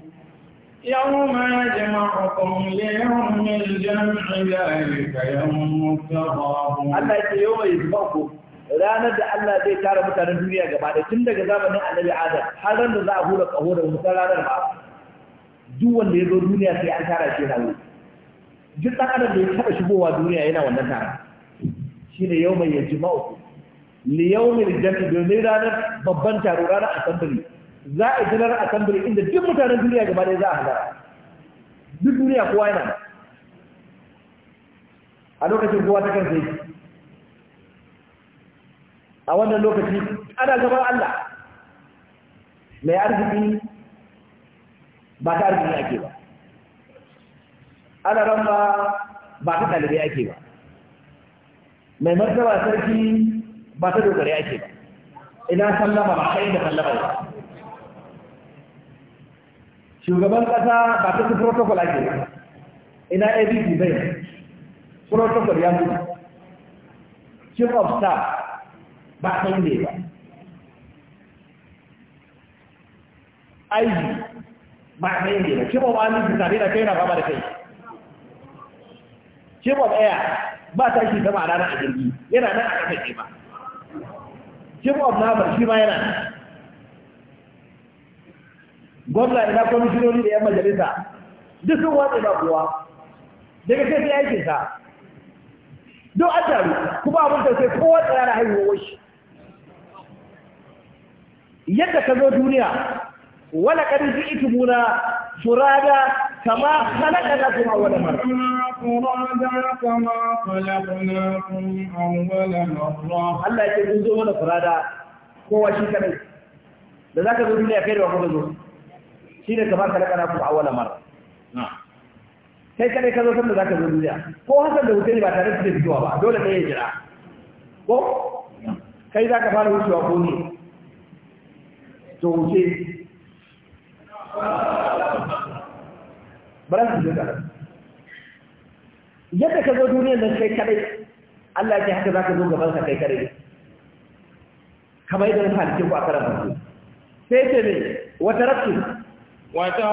يوم يجمعكم ليوم Allah ya ce yau mai jima uku. ranar da Allah zai tara mutanen duniya gaba da tun daga zamanin annabi Adam har ran da za a hura kaho da mutan ranar ba duk wanda ya zo duniya sai an tara shi na duk da adam da ya taba shigowa duniya yana wannan tara shine yau mai yanci ma'uku li yau mai jami'i domin ranar babban taro ranar asambili za a yi ranar asambili inda duk mutanen duniya gaba ɗaya za a halara duk duniya kowa yana a lokacin kowa ta kan sai a wannan lokaci ana gaban Allah mai arziki ba ta arziki ake ba ana ramba ba ta ɗalibai ake ba mai martaba sarki ba ta dogare ake ba ina sallama ba yi da sallama ba shugaban kasa ba ta su protocol ake ba ina abc bai protocol ya mutu chief of staff ba san ne ba aiki ba san ne ba ce ba ni su tare da kai na fama da kai ce ba tsaya ba ta shi da ranar a jirgi yana nan a ƙasa ke ba ce ba na ba shi ma yana gwamna ina kwamishinoni da yan majalisa duk sun watsa ba kuwa daga sai sai aikinsa don an taru kuma abin da sai kowa yana haihuwar shi yadda ka zo duniya wala kan ji ita muna furada kama halaka na kuma wala wala mara. Allah ya ce kun zo mana furada ko wa shi kanai. Da za ka zo duniya kai da wa kuma zo. Shi ne kama halaka na kuma wala mara. Kai kanai ka zo sanda za ka zo duniya. Ko hasan da hutu ne ba tare da su ne fitowa ba dole ne ya jira. Ko? Kai za ka fara wucewa ko ne? to ba yadda ka zo duniyar nan kai kadai Allah ya haka za ka zo gaban ka kai kadai kamar yadda na halice ku a karan farko sai ce ne wata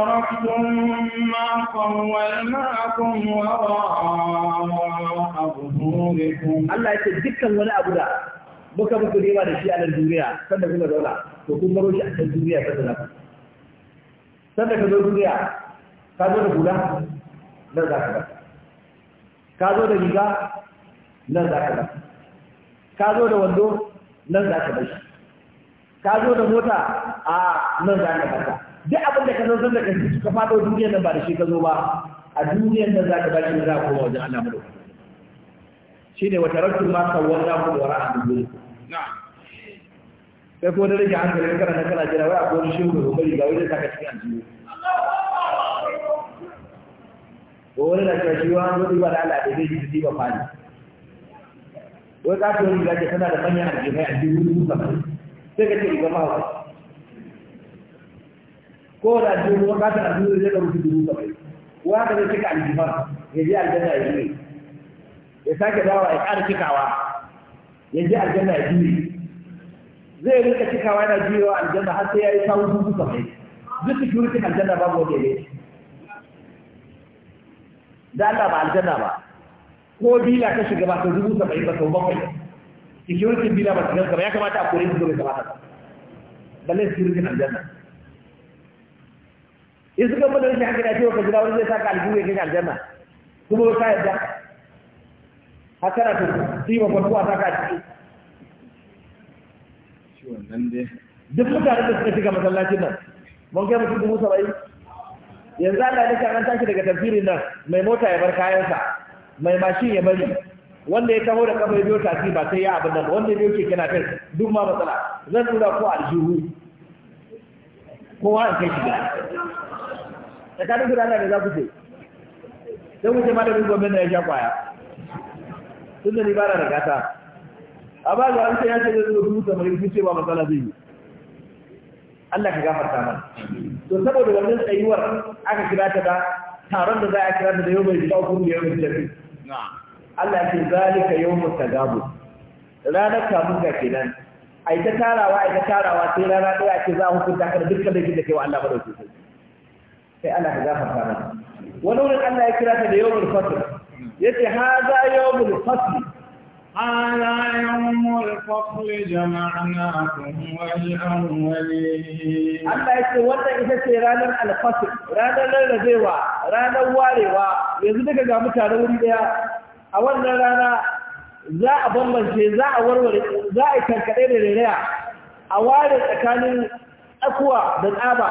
Allah ya ce dukkan wani abu da shi a duniya, kuma to kun baro shi a kan duniya ta san da ka zo duniya ka zo da hula nan za ka ba ka zo da riga nan za ka ba ka zo da wando nan za ka ba shi ka zo da mota a nan za ka ba duk abin da ka san da ka ka fado duniyar nan ba da shi ka zo ba a duniyar nan za ka ba shi za ka koma wajen Allah mu da shi ne wata rasu ma kawai za ku da wara'a duniya kai ko da rage hankali kana nan kana jira wai akwai wani shehu da kokari ga wani saka cikin aljihu ko wani na cewa shi wani zo ba da Allah da zai ji ba fani wai ka ce riga ce tana da manyan a aljihu dubu saba'in sai ka ce riga ma hausa ko da aljihu wani ka ce aljihu zai ka rufe dubu saba'in ko haka zai cika aljihar ya ji aljanna ya juye ya sake dawa ya ƙara cikawa ya ji aljanna ya ne. zai rinka cikawa yana jiwa aljanna har sai ya yi samun dubu saba'in duk security aljanna babu wanda ya da Allah ba aljanna ba ko bila ka shiga ba ka dubu saba'in ba sau bakwai security bila ba shiga ba ya kamata a kore su gobe kamata ba balle security aljanna in suka bada rashin hankali a cewa ka jira wani zai saka aljihu ya kai aljanna kuma ka yarda haka na to sai ba farko a saka a ciki duk mutane da suka shiga masallacin nan mun kai mutum dubu saba'in yanzu Allah ya kan tashi daga tafsirin nan mai mota ya bar kayansa mai mashin ya bari wanda ya taho da kafa ya biyo tafi ba sai ya abin nan wanda ya biyo keke na kai duk ma matsala zan tura ko aljihu kowa in kai shiga tsakanin guda da za ku ce sai ku ce malamin gwamnati ya sha kwaya tun da ni ba na da gata amma ga an ya ce zai zo dubu tamanin sun ce ba matsala zai yi Allah ka gafarta mana to saboda wannan tsayuwar aka kira ta da taron da za a kira ta da yau mai jika hukun da yau mai jami Allah ya ce zalika yau mu tagabu ranar kamun ga kenan a ita tarawa a ita tarawa sai rana ɗaya ce za a hukunta ka da dukkan laifin da kai wa Allah madauki sai sai Allah ka gafarta mana wani wurin Allah ya kira ta da yau mu fasl yace za yau mu fasl هذا يوم الفصل جمعناكم والأولين الله يقول وانا إذا سيرانا الفصل رانا لنزيوا رانا واريوا يزدك قامت على ولدها أولا رانا za a bambance za a warware za a yi da rariya a ware tsakanin tsakuwa da tsaba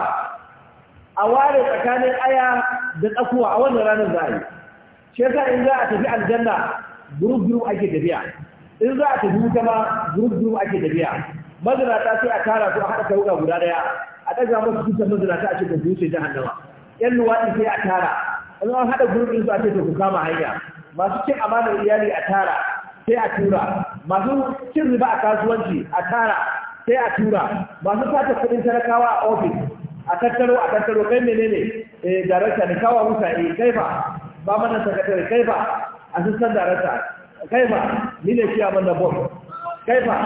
a ware tsakanin aya da tsakuwa a wannan ranar za a yi in za a tafi aljanna group group ake tafiya in za a tafi wuta ma group group ake tafiya mazinata sai a tara su a haɗa kauka guda daya a ɗaga masu dukkan mazinata a cikin zuce jahannama yan luwaɗi sai a tara in an haɗa group din su a ce ku kama hanya masu cin amanar iyali a tara sai a tura masu cin riba a kasuwanci a tara sai a tura masu sata kuɗin talakawa a ofis a tattaro a tattaro kai menene eh darakta ne kawo musa eh kaifa ba mana sakatare kaifa assistant director kai ba ni ne chairman na board kai fa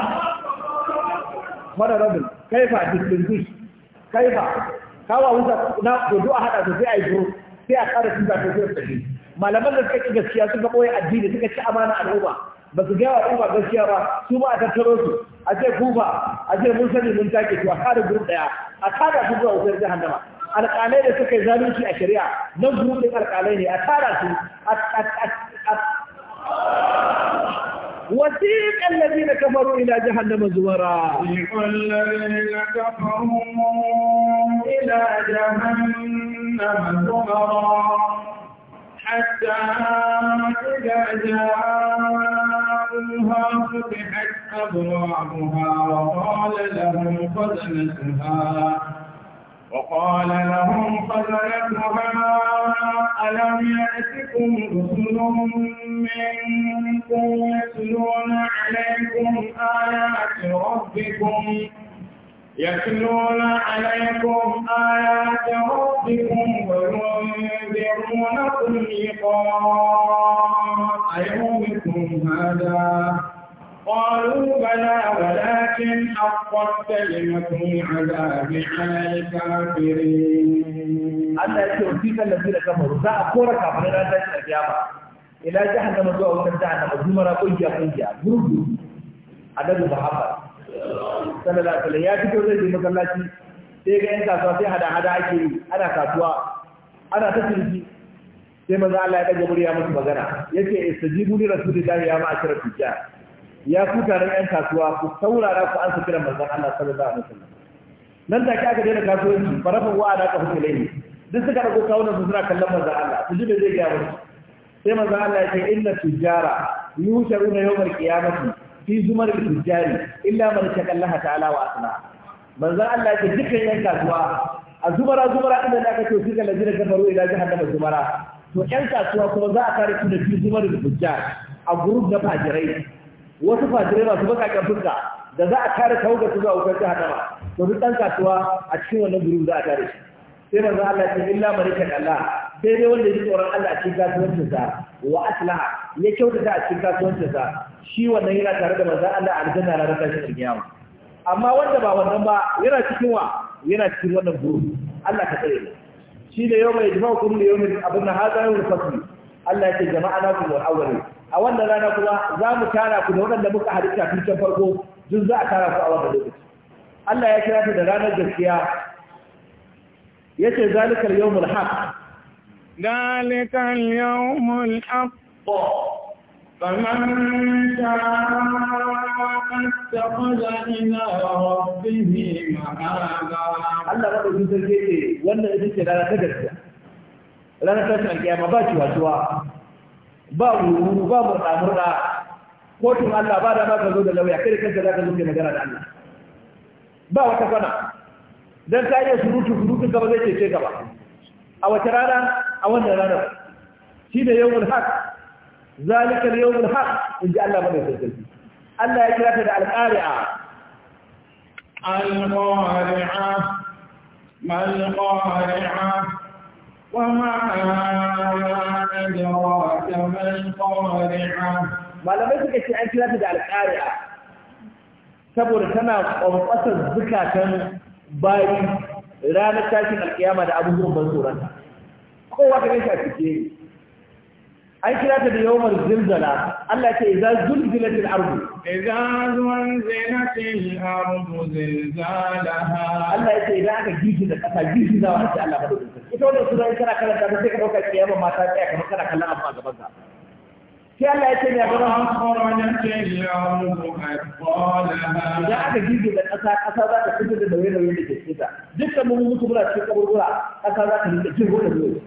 honorable kai ba distinguished kai fa kawa wuta na to a hada to sai ai group sai a ƙara sun to sai tafi malaman da suka ki gaskiya suka boye addini suka ci amana al'umma ba su gaya wa al'umma gaskiya ba su ba a tattaro su a ce kufa a ce mun sani mun take to a ƙara group daya a ƙara su zuwa wutar jahannama alƙalai da suka yi zalunci a shari'a nan gudun alƙalai ne a tara su وثيق الذين كفروا إلى جهنم زمرا وثيق الذين كفروا إلى جهنم زمرا حتى إذا جاءوها فتحت أبوابها وقال لهم خزنتها وقال لهم خزنتها ألم يأتكم رسل منكم يتلون عليكم آيات ربكم يتلون عليكم آيات ربكم وينذرونكم لقاء يومكم هذا قالوا بلى ولكن حقت كلمة العذاب على الكافرين أنا يكفي فيك الذين كفروا ذا أقولك من لا تشهد يا إلى جهنم جوا وتجهنم زمرة قيا قيا جرب عدد محمد صلى الله عليه وسلم يا fito zai je masallaci sai ga yan kasuwa sai hada hada ake yi ana kasuwa ana ta sai maza Allah ya ɗaga murya musu magana yace istajibu li rasulillahi ya ma'ashara tijjar ya ku taron yan kasuwa ku saurara ku ansa kiran manzon Allah sallallahu alaihi wasallam nan take aka daina kasuwanci farafin wa da aka hukunta ne duk suka rago kawunan su suna kallon manzon Allah su ji da zai gaya musu sai manzon Allah ya ce inna tujara yusharuna yawmal qiyamati fi zumar tujari illa man shakallaha ta'ala wa asla manzon Allah ya ce dukkan yan kasuwa a zubara zubara inda da aka ce suka lajira kafaru ila jahannama zubara to yan kasuwa kuma za a kare su da fi zumar tujari a gurub na fajirai wasu fasirai masu bakakken fuska da za a tare tawagar su zuwa wutar jihar nama to duk ɗan kasuwa a cikin wannan gurin za a tare shi sai manzo Allah ya ce illa man yaka Allah dai wanda yake tsoron Allah a cikin kasuwancin sa wa aslaha ya kyautata a cikin kasuwancin sa shi wannan yana tare da manzo Allah a aljanna na rasa shi kiyama amma wanda ba wannan ba yana cikin wa yana cikin wannan gurin, Allah ka tsare shi da yau mai jama'a kullu yawmin abin hada yawmul fasl Allah ya ce jama'a na kuma awwali a wannan rana kuma za mu tara ku da waɗanda muka halitta tun can farko duk za a tara ku a wannan lokaci Allah ya kira ta da ranar gaskiya yace zalikal yawmul haq zalikal yawmul haq فمن شاء اتخذ إلى ربه مآبا الله رب العزة wannan ita ce rana ta gaskiya ranar tashin alƙiyama ba ki wasuwa ba wuru ba murɗa-murɗa kotun Allah ba da ba ka zo da lauya kai kanta za ka zo ke magana da Allah ba wata kwana Dan ta iya surutu ka gaba zai ka gaba a wata rana a wannan ranar shi ne yawon haƙ zalikar yawon haƙ in ji Allah mai sassarki Allah ya kira ta da alƙari'a mal malƙari'a malamai suka ce an kira ta da alƙari'a saboda tana ƙwanƙwasar zukatan bayi ranar tashin alƙiyama da abubuwan ban tsoronta kowa ta gaisa a cike an kira ta da yawon zilzala Allah ce idza zulzilatil ardu idza zulzilatil ardu zilzalaha Allah ya ce idan aka girgiza kasa girgiza wa ta Allah madaukakin ita wannan sura in kana karanta ta sai ka dauka kiyama mata ta tsaya kamar kana kallon abu a gaban ka sai Allah ya ce ne gaban akhrajatil ardu athqalaha idan aka girgiza kasa kasa za ta fitar da dawaye-dawaye da ke cikin ta dukkan mu mutu muna cikin kaburbura kasa za ta rinka jin wannan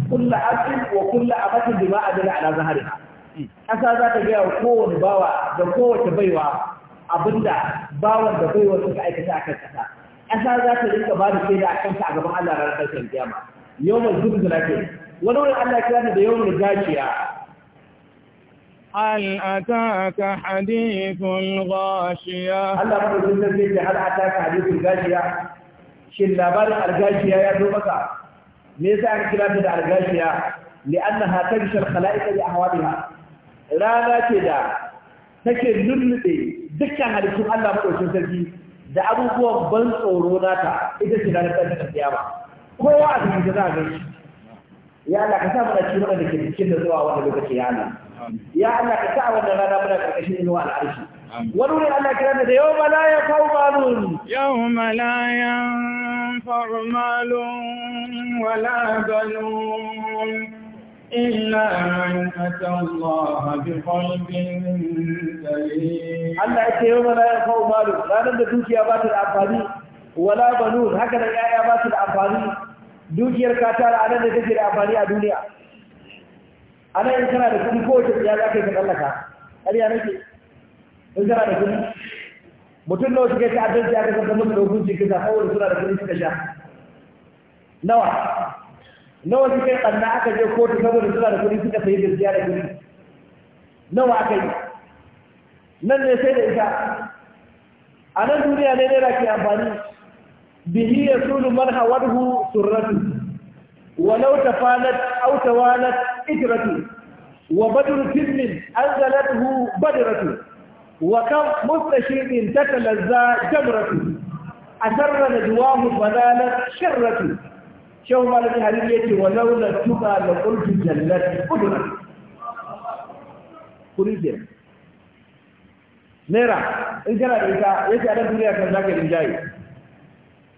kulla abin wa kulla amatin bima adala ala zahariha ƙasa za ta gaya wa kowane bawa da kowace baiwa abinda bawan da baiwa suka aikata a kan ƙasa ƙasa za ta rinka ba da shaida a kanta a gaban Allah ranar ƙarshen kiyama yawmal zubzula ke wani wani Allah ya kira da yawmal gajiya هل أتاك حديث الغاشية الله مرة جنة هل أتاك حديث الغاشية شل labarin الغاشية ya zo maka me yasa aka kira ta da algashiya li'annaha tajsha al-khala'iq bi ahwadiha rana ce da take lullube dukkan halittun Allah madaukakin sarki da abubuwan ban tsoro nata ita ce ranar tashin alkiyama kowa a cikin ta za a gaishe ya Allah ka sa mana cikin wanda ke cikin da zuwa wanda lokaci ya Allah ya Allah ka sa wannan rana muna karkashin inuwa al'arshi wani wurin Allah kira da yau ma la ya kawo malun yau ma la ya ينفع مال ولا بنون إلا من أتى الله بقلب سليم الله يتيوم لا ينفع مال لا ندوك يا بات الأفادي ولا بنون هكذا يا بات الأنفاني dukiyar ka tara a nan da take da amfani a duniya a nan in kana da kuɗi kowace tsiya za ka ka tsallaka ƙarya nake in kana da kuɗi mutum nawa suka yi ta'addanci aka saka musu da hukunci kisa saboda suna da kuɗi suka sha nawa nawa suka yi ɓanna aka je kotu saboda suna da kuɗi suka sayi gaskiya da kuɗi nawa aka yi nan ne sai da ita a nan duniya ne naira ke amfani bihi ya sulu man hawadhu surratu walau tafalat aw tawalat ijratu wa badru tilmin anzalathu badratu وكم مستشير تتلذى جمرته أسر نجواه ضلالة شرته شو ما لك هرية ولولا التقى لقلت جلت قدرة قريبا naira in kana da ita ya ce a nan duniya kan zaka rinjaye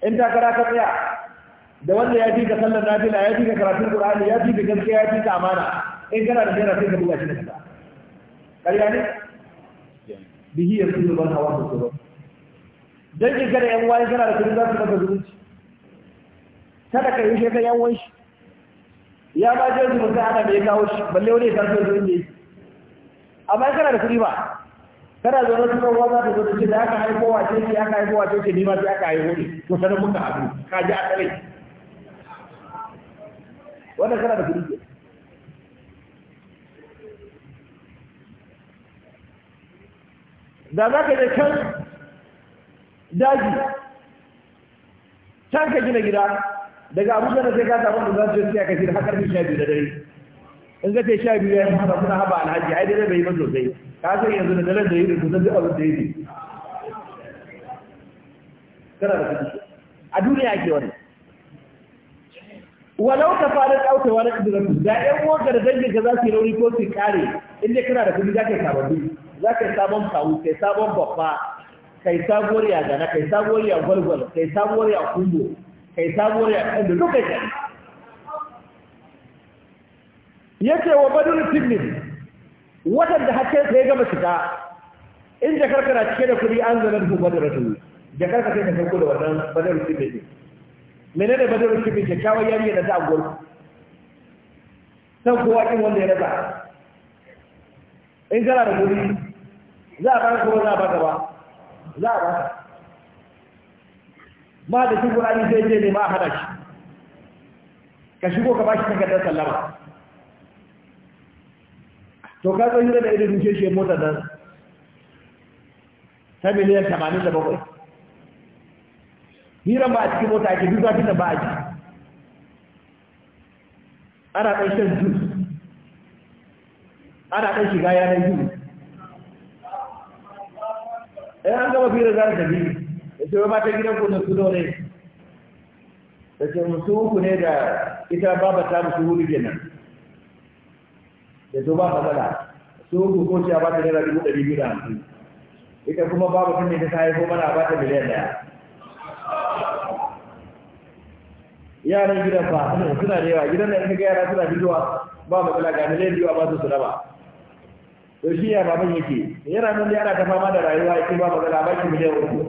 in takara ka tsaya da wanda ya fi ka sallar nafila ya fi ka karatun qur'ani ya fi ka ya fi amana in kana da naira sai ka buga shi da kasa ƙarya ne bihi ya kullu ban hawa da zuwa dan ki gara yan wani kana da kudi za su daga zuci kada ka yi shekar yan wani ya ba je zumunci ana mai kawo shi balle wani ya tafi zuwa ne amma kana da kudi ba kana zo na za wata da su ce da aka haifo wace ce aka haifo wace ce ni ma sai aka haifo ne to sanar muka abu ka ji a tsare wannan kana da kudi da za ka je can daji can ka gina gida daga abuja da sai ka samu da za su yi a gida hakar sha biyu da dare in ka ce sha biyu ya yi haka kuna haba alhaji ai dai bai yi ba sosai ka san yanzu da daren da yi da kusan duk abin da yi ne kana da kudi a duniya ake wani walau ta fara ɗaukewa na ƙidirar da ƴan uwanka da dangin ka za su yi rauni ko su kare in dai kana da kudi za ka yi sababbi za ka yi sabon ka yi sabon babba yi sabuwar ya gana yi sabuwar ya gwalgwal yi sabuwar ya kumbo yi sabuwar ya kandu duka kai ya ce wa badar tibnin waɗanda hakken sai gama shiga in jakar kana cike da kuɗi an zanar su badar tibnin jakar ka sai ka sauko da wannan badar tibnin mene ne badar tibnin kyakkyawar yariya da ta agwal san kowa ɗin wanda ya rasa in gara da kuɗi za a baka kuma za a baka ba za a baka ma da shi ƙur'ani zai je ne ma a hana shi ka shigo ka bashi shi takardar sallama to ka zo hira da irin rushe shi mota nan ta miliyan bakwai. hira ba a cikin mota ake duk zafin da ba a ji ana ɗan shan jus ana ɗan shiga yanar jus eh an gama fira za ta bi da ce ba ta gidan ku na su dole da ce musu uku ne da ita baba ta musu hudu kenan da to ba matsala su uku ko ciya ba ta naira dubu ɗari biyu da hamsin ita kuma babu kan ne ta haifo mana ba ta miliyan ɗaya yaran gidan fa suna da yawa gidan da ka ga yara suna fitowa ba matsala ga miliyan biyu a ba su su raba to shi ya baban yake yana nan da yana ta fama da rayuwa yake ba magana ba ki miliyan uku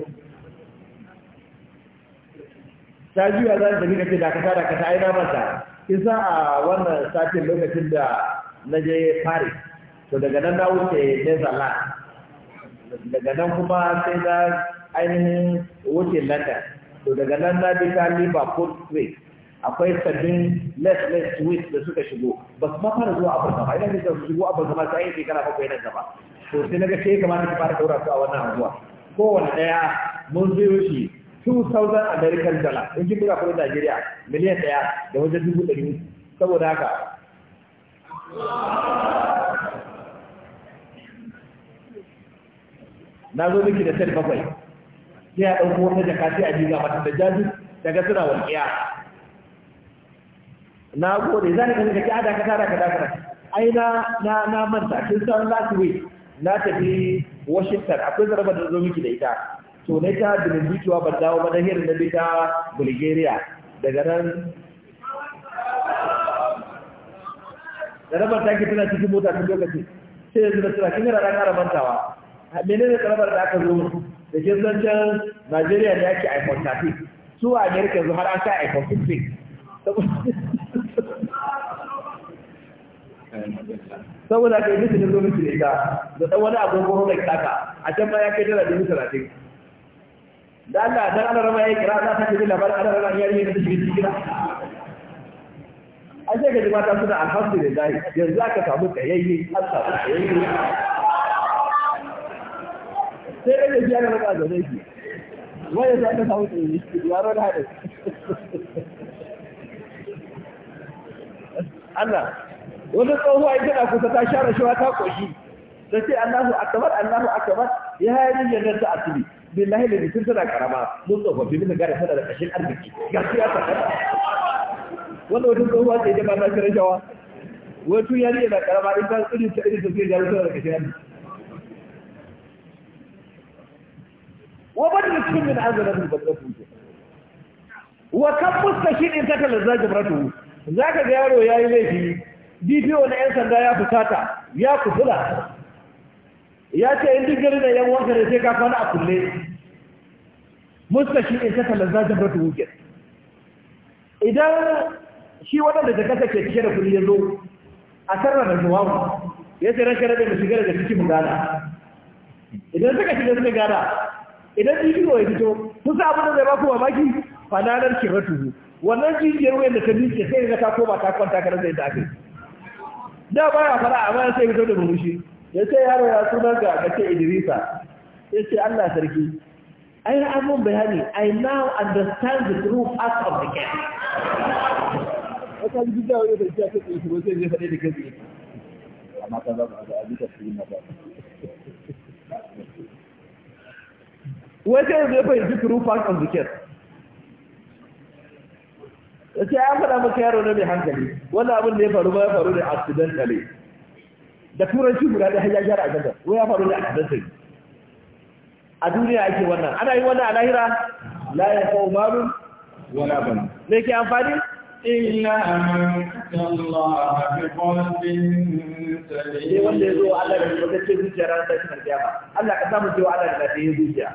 ta juya za ta tafi kace da kasa da kasa aina masa kisa a wannan satin lokacin da na je Paris to daga nan na wuce Netherlands daga nan kuma sai na ainihin wuce London to daga nan na bi ta Liverpool Street akwai sabbin less less twist da suka shigo ba su fara zuwa afirka ba idan su shigo afirka ma sai shekara bakwai nan gaba to sai naga sai kamata ki fara daura su a wannan anguwa kowanne daya mun biyo shi 2000 american dollar in kin buga kudin Najeriya miliyan daya da wajen dubu ɗari saboda haka na zo miki da sel bakwai sai a ɗauko wata jaka sai a jiga mata da jaji daga suna walƙiya na gode za ni ka ada ka tara ka dakara ai na na na manta kin san last week na tafi Washington akwai zarba da zo miki da ita to na ta bilindikiwa ban dawo ba da hirin da bita Bulgaria daga nan zarabar ta ke tana cikin mota tun lokaci sai yanzu da sura kin rana ƙara mantawa menene zarabar da aka zo da ke can Najeriya da yake iPhone 13 su a America yanzu har an sa iPhone 15 saboda ka yi duka da zomin da ita da tsawon wani abin gwamnan da kitaka a can ma ya kai tara dubu talatin da Allah dan Allah rama ya yi kira za ta tafi labarin Allah rama ya yi da cikin kira an ce ka ji mata suna zai yanzu aka samu tsayayye an samu tsayayye sai ɗan yaji ana raka zaune ki wanda za ka samu tsayayye yaro da haɗin Allah wani tsohuwa ya gina kusa ta share shawa ta koshi da ce Allahu akbar Allahu akbar ya hari ya nan ta asibi billahi da jikin tana karama mun tsofaffi bisa gare tana da kashin arziki gaskiya ta kada wanda wajen tsohuwa ce da ba na share shawa wato yari yana karama in ta tsiri ta irin sosai da tana da kashin arziki wa badal kun min azratin badratu wa kan Mustashin in katala za zaka ga yaro yayi laifi dpo na 'yan sanda ya fusata ya kusura ya ce in duk gari na yan wanka da sai kafa na a kulle muska shi ne ta zajen rata wujen idan shi wadanda da kasa ke cike da kuli ya zo a sarra da zuwa ya ce ran karabe da shigar da cikin gana idan suka shiga suka gana idan dpo ya fito kusa abin da zai ba ku mamaki fananar kiratuhu wannan jijiyar wayan da ta miƙe sai ga ta koma ta kwanta karar zai dafe. da ya fara amma sai fito da murmushi ya ce yaro ya suna ga kace Idrisa ya ce Allah sarki ai na abun bayani I now understand the true act of the game aka ji da wani da ya ce shi ba sai ya faɗi da kai amma ka za ka ga abin da shi na ba ne zai fahimci true part of the game sai an faɗa maka yaro na mai hankali wannan abin da ya faru ba ya faru ne accidentally da turanci guda da hanyar gyara a gaza wai ya faru ne accidentally a duniya ake wannan ana yi wannan a lahira la ya kawo maru. Wani abin ne ke amfani illa an tallaha bi qalbin ne eh, wanda ya zo Allah da ta ce zuciya ranar da shi ba Allah ka samu cewa Allah da yi zuciya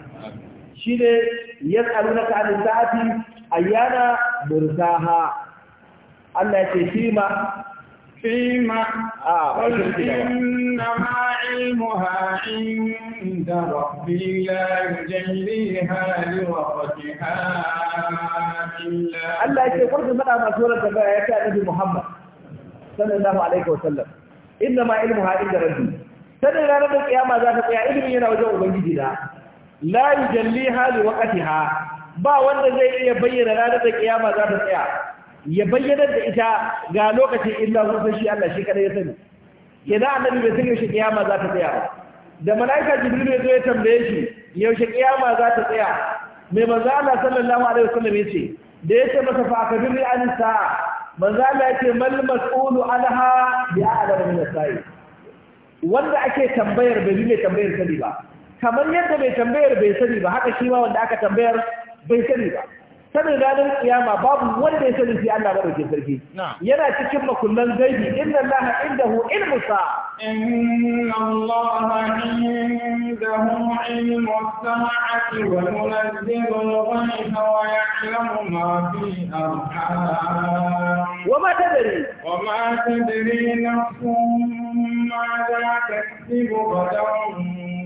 shine yas'alunaka an sa'ati ayyana mursaha Allah yake fima fima a inna علمها عند ربي لا يجليها لوقتها إلا الله يقول فرق المرأة مسؤولة كما ya ta محمد Muhammad sallallahu alaihi wasallam inna علمها عند ربي sanin ranar da kiyama za ta tsaya ilimin yana wajen ubangiji da la yujalliha hali waqtiha ba wanda zai iya bayyana ranar da kiyama za ta tsaya ya bayyana da ita ga lokacin illa sun shi Allah shi kada ya sani idan annabi bai san yaushe kiyama za ta tsaya ba da malaika jibril ya zo ya tambaye shi yaushe kiyama za ta tsaya mai manzo Allah sallallahu alaihi wasallam ya ce da ya ce masa fa akabirni an sa manzo Allah ya ce mal mas'ulu anha bi a'lamu min sa'i wanda ake tambayar bai ne tambayar sani ba kamar yadda mai tambayar bai sani ba haka shi ma wanda aka tambayar bai sani ba sanin ranar kiyama babu wanda ya sani sai Allah madaukin sarki yana cikin makullan gaibi inna Allah indahu ilmu sa'a inna Allah indahu ilmu sa'ati wa munazzilu al-ghaiba wa ya'lamu ma fi arham wa ma tadri wa ma tadri nafsun ma za taksibu ghadan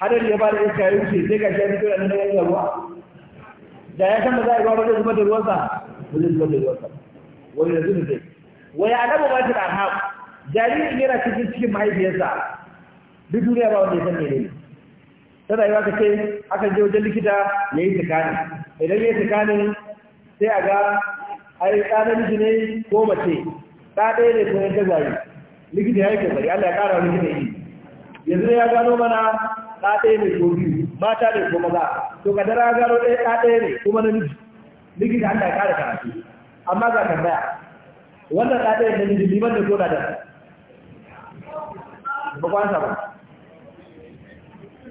hadar ya ba da iska ya wuce sai ga shi ya fito da nan ruwa da ya kama za a yi ruwa zuba da ruwansa ba zai zuba da ruwansa wani da zuba zai wani Adamu ba shi da arham ne yana cikin cikin mahaifiyarsa duk duniya ba wanda ya san menene tana yi ka ce akan je wajen likita ya yi tsakani idan ya yi tsakani sai a ga yi ɗa namiji ne ko mace ta ɗaya ne ko yan gwari likita ya yi kokari Allah ya ƙara wani likita yi yanzu ya gano mana ɗa ɗaya ne ko biyu mata ne ko maza to ka dara gano ɗaya ɗa ɗaya ne kuma namiji likita an da kare karatu amma za ka tambaya wannan ɗa ɗaya namiji liman da ko na da ba kwansa ba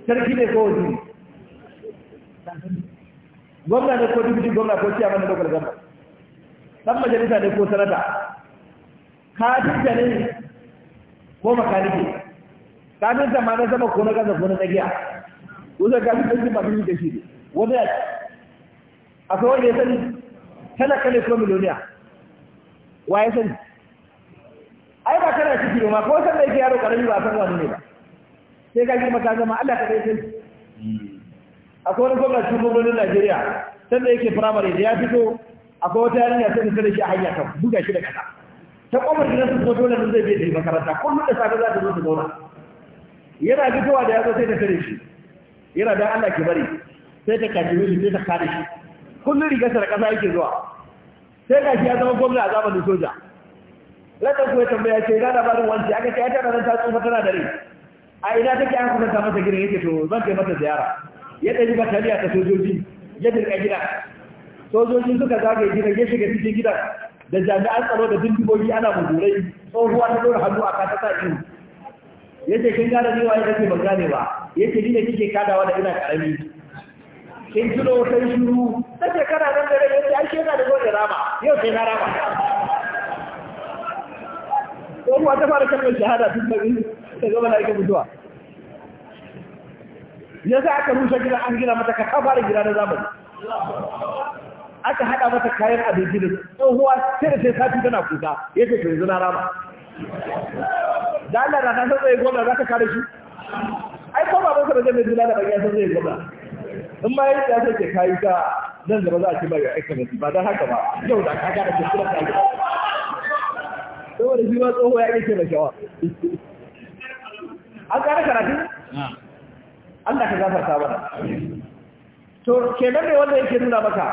sarki ne ko waziri gwamna ne ko dubuti gwamna ko ciyaman da dokar gwamna dan majalisa ne ko sanata kafinta ne ko makaniki. kafin sama na sama ko na kasa ko na tsakiya wanda kafin tsakiya ba sun yi da shi ne wanda akwai wanda ya sani tana kane ko miliyoniya wa ya sani ai ba kana ciki ba ma ko san da yake yaro karami ba san wani ne ba sai ka girma ka zama Allah ka kai a akwai wani gwamnati shugabannin Najeriya san da yake firamare da ya fito akwai wata yarinya sai ta shi a hanya ta buga shi da kasa ta kwamar gidan su ko dole zai bai da makaranta kullum da safe za ta zo su zauna yana fitowa da yazo sai ta tare shi yana da Allah ki bari sai ta kaji shi sai ta kare shi kullun rigar sa da kasa yake zuwa sai ga shi ya zama gwamna a zamanin soja ladan ko ya tambaya ce ga labarin wanci aka ce ta nan ta tsufa tana dare a ina take an kusa masa gidan yake to zan kai mata ziyara ya ɗari bataliya ta sojoji ya dirka gidan sojoji suka zagaye gidan ya shiga cikin gidan da jami'an tsaro da bindigogi ana mudurai tsohuwa ta dora hannu a kasa sa ihu yace kin gane ni waye kake ban gane ba ce, ni da kike kadawa da ina karami kin tuno sai shiru sai kana nan da yace ai kina da gode rama yau sai na rama ko mu ta fara kallon shahada tun da ta gaba na ikin mutuwa ya sa aka rusa gida an gina mata ka kafara gida na zamani aka haɗa mata kayan abinci da tsohuwa sai da sai sati tana kuka ya ce to yanzu na rama da Allah na san sai gwamna za ka kare shi ai ko babansa da zai mai dula da bayan san sai gwamna in ma yi ya sai kai ka nan gaba za a ci mai excellency ba dan haka ba yau da ka gane kuskure ka saboda shi ma tsoho ya yake mai shawa an kare karatu Allah ka gafarta mana to kenan ne wanda yake nuna maka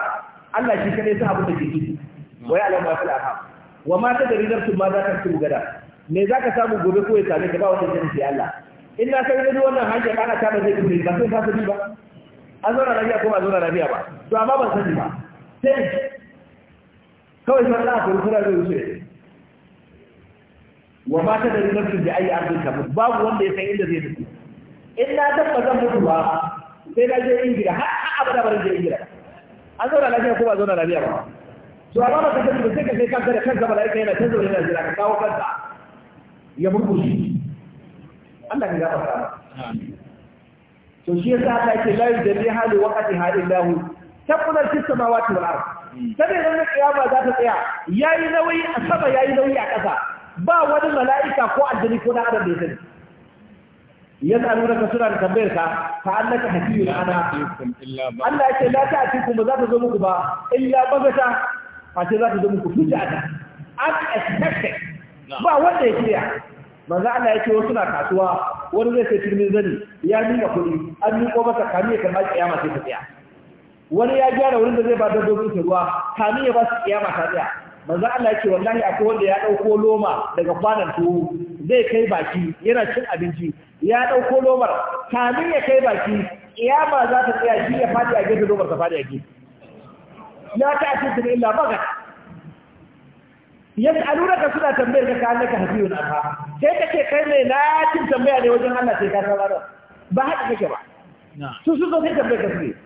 Allah shi kane sa abin da ke ciki wa ya alama fil aham wa ma ta tadri tun ma za ka tsuru gada me za ka samu gobe ko ya same ka ba wanda zai nufi Allah in na san yanzu wannan hanyar ana ta ba zai kuma ba sai ka sani ba an zauna lafiya ko ba zauna lafiya ba to amma ban sani ba sai kawai sai Allah ko kura zai wuce wa ma ta da nafsin da ayi arzin ka babu wanda ya san inda zai nufi in na tabbata mutu ba sai na je Ingila har abada ba je Ingila an zauna lafiya ko ba zauna lafiya ba to amma ba ka sani ba sai ka kai kanka da kanka ba da yana ta zaune na jira ka kawo kanka ya murkushe Allah ya gafarta to shi yasa Allah yake la yudri hali waqti ha illa hu tabuna fi samawati wal ard sai ran kiyama za ta tsaya yayi nauyi a sama yayi nauyi a ƙasa ba wani mala'ika ko aljini ko dan adam da yake yas'alunaka sura da tambayar ka fa annaka hakiyul ana Allah ya yake la ta'tikum ba za ta zo muku ba illa bagata fa ce za ta zo muku fujata expected. ba wanda ya shirya manzo Allah yake wasu na kasuwa wani zai sai firmin zani ya nuna kuɗi an miƙo masa kami ya karɓa kiyama sai ta tsaya wani ya gyara wurin da zai ba dabbobin su ruwa kami ya ba su kiyama ta tsaya manzo Allah yake wallahi akwai wanda ya ɗauko loma daga kwanan tuwo zai kai baki yana cin abinci ya ɗauko lomar kamin ya kai baki kiyama za ta tsaya shi ya fadi a gefe lomar ta fadi a gefe na ta ce tuni illa magana yas'alunaka suna tambayar ka kana ka na ha sai kake kai mai cin tambaya ne wajen Allah sai ka sabar ba haka kake ba su su zo sai tambayar ka su in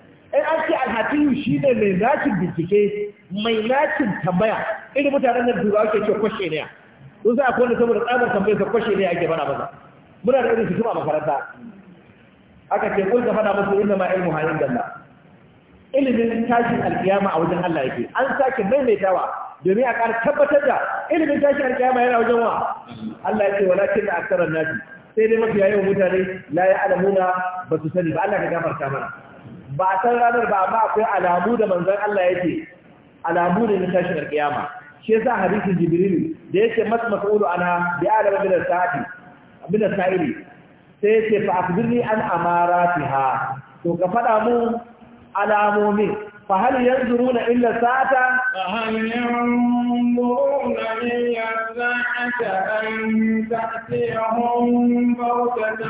an ce alhafiyu shi ne mai cin bincike mai cin tambaya irin mutanen da duba ke ce kwashe ne sun sai akwai wanda saboda tsabar tambayar ka kwashe ne ake fara bana muna da irin su kuma makaranta aka ce kun ka fada musu inna ma ilmu hayin dalla ilimin tashin alkiyama a wajen Allah yake an sake maimaitawa domin a ƙar tabbatar da ilimin tashi alƙiyama yana wajen wa Allah ya ce wala na aksarar nasi sai dai mafi yayin mutane la yi alamuna ba su sani ba Allah ka gafarta mana ba a san ranar ba amma akwai alamu da manzon Allah yake alamu ne na tashi alƙiyama shi yasa hadisin jibril da yake mas'ulu ana bi adama bin sa'ati bin sa'ili sai yake fa akhbirni an amaratiha to ka fada mu alamomin فهل ينظرون إلا ساعة فهل ينظرون إلا ساعة أن تأتيهم بغتة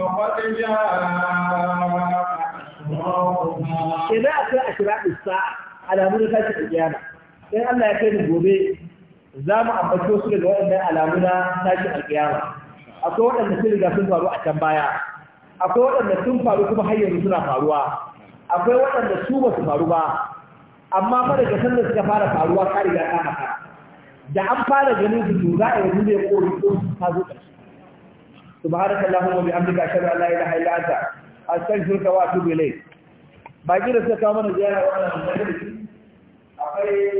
فقد جاء إذا أتى أشراء الساعة على مدة القيامة إن الله يكون بوبي زام أبتوس للوئن على مدة تاج القيامة أقول أن السيد جاسم فاروق أتمبايا أقول أن السيد فاروق محيي رسول فاروق akwai waɗanda su ba su faru ba amma fara daga sanda suka fara faruwa ka da ka maka da an fara ganin su to za a yi zube kori ko ta zo ƙarshe subhanaka allahumma bi lafi ashhadu an la ilaha illa anta astaghfiruka wa atubu ilayk baki da suka kawo mana ziyara wannan majalisi akwai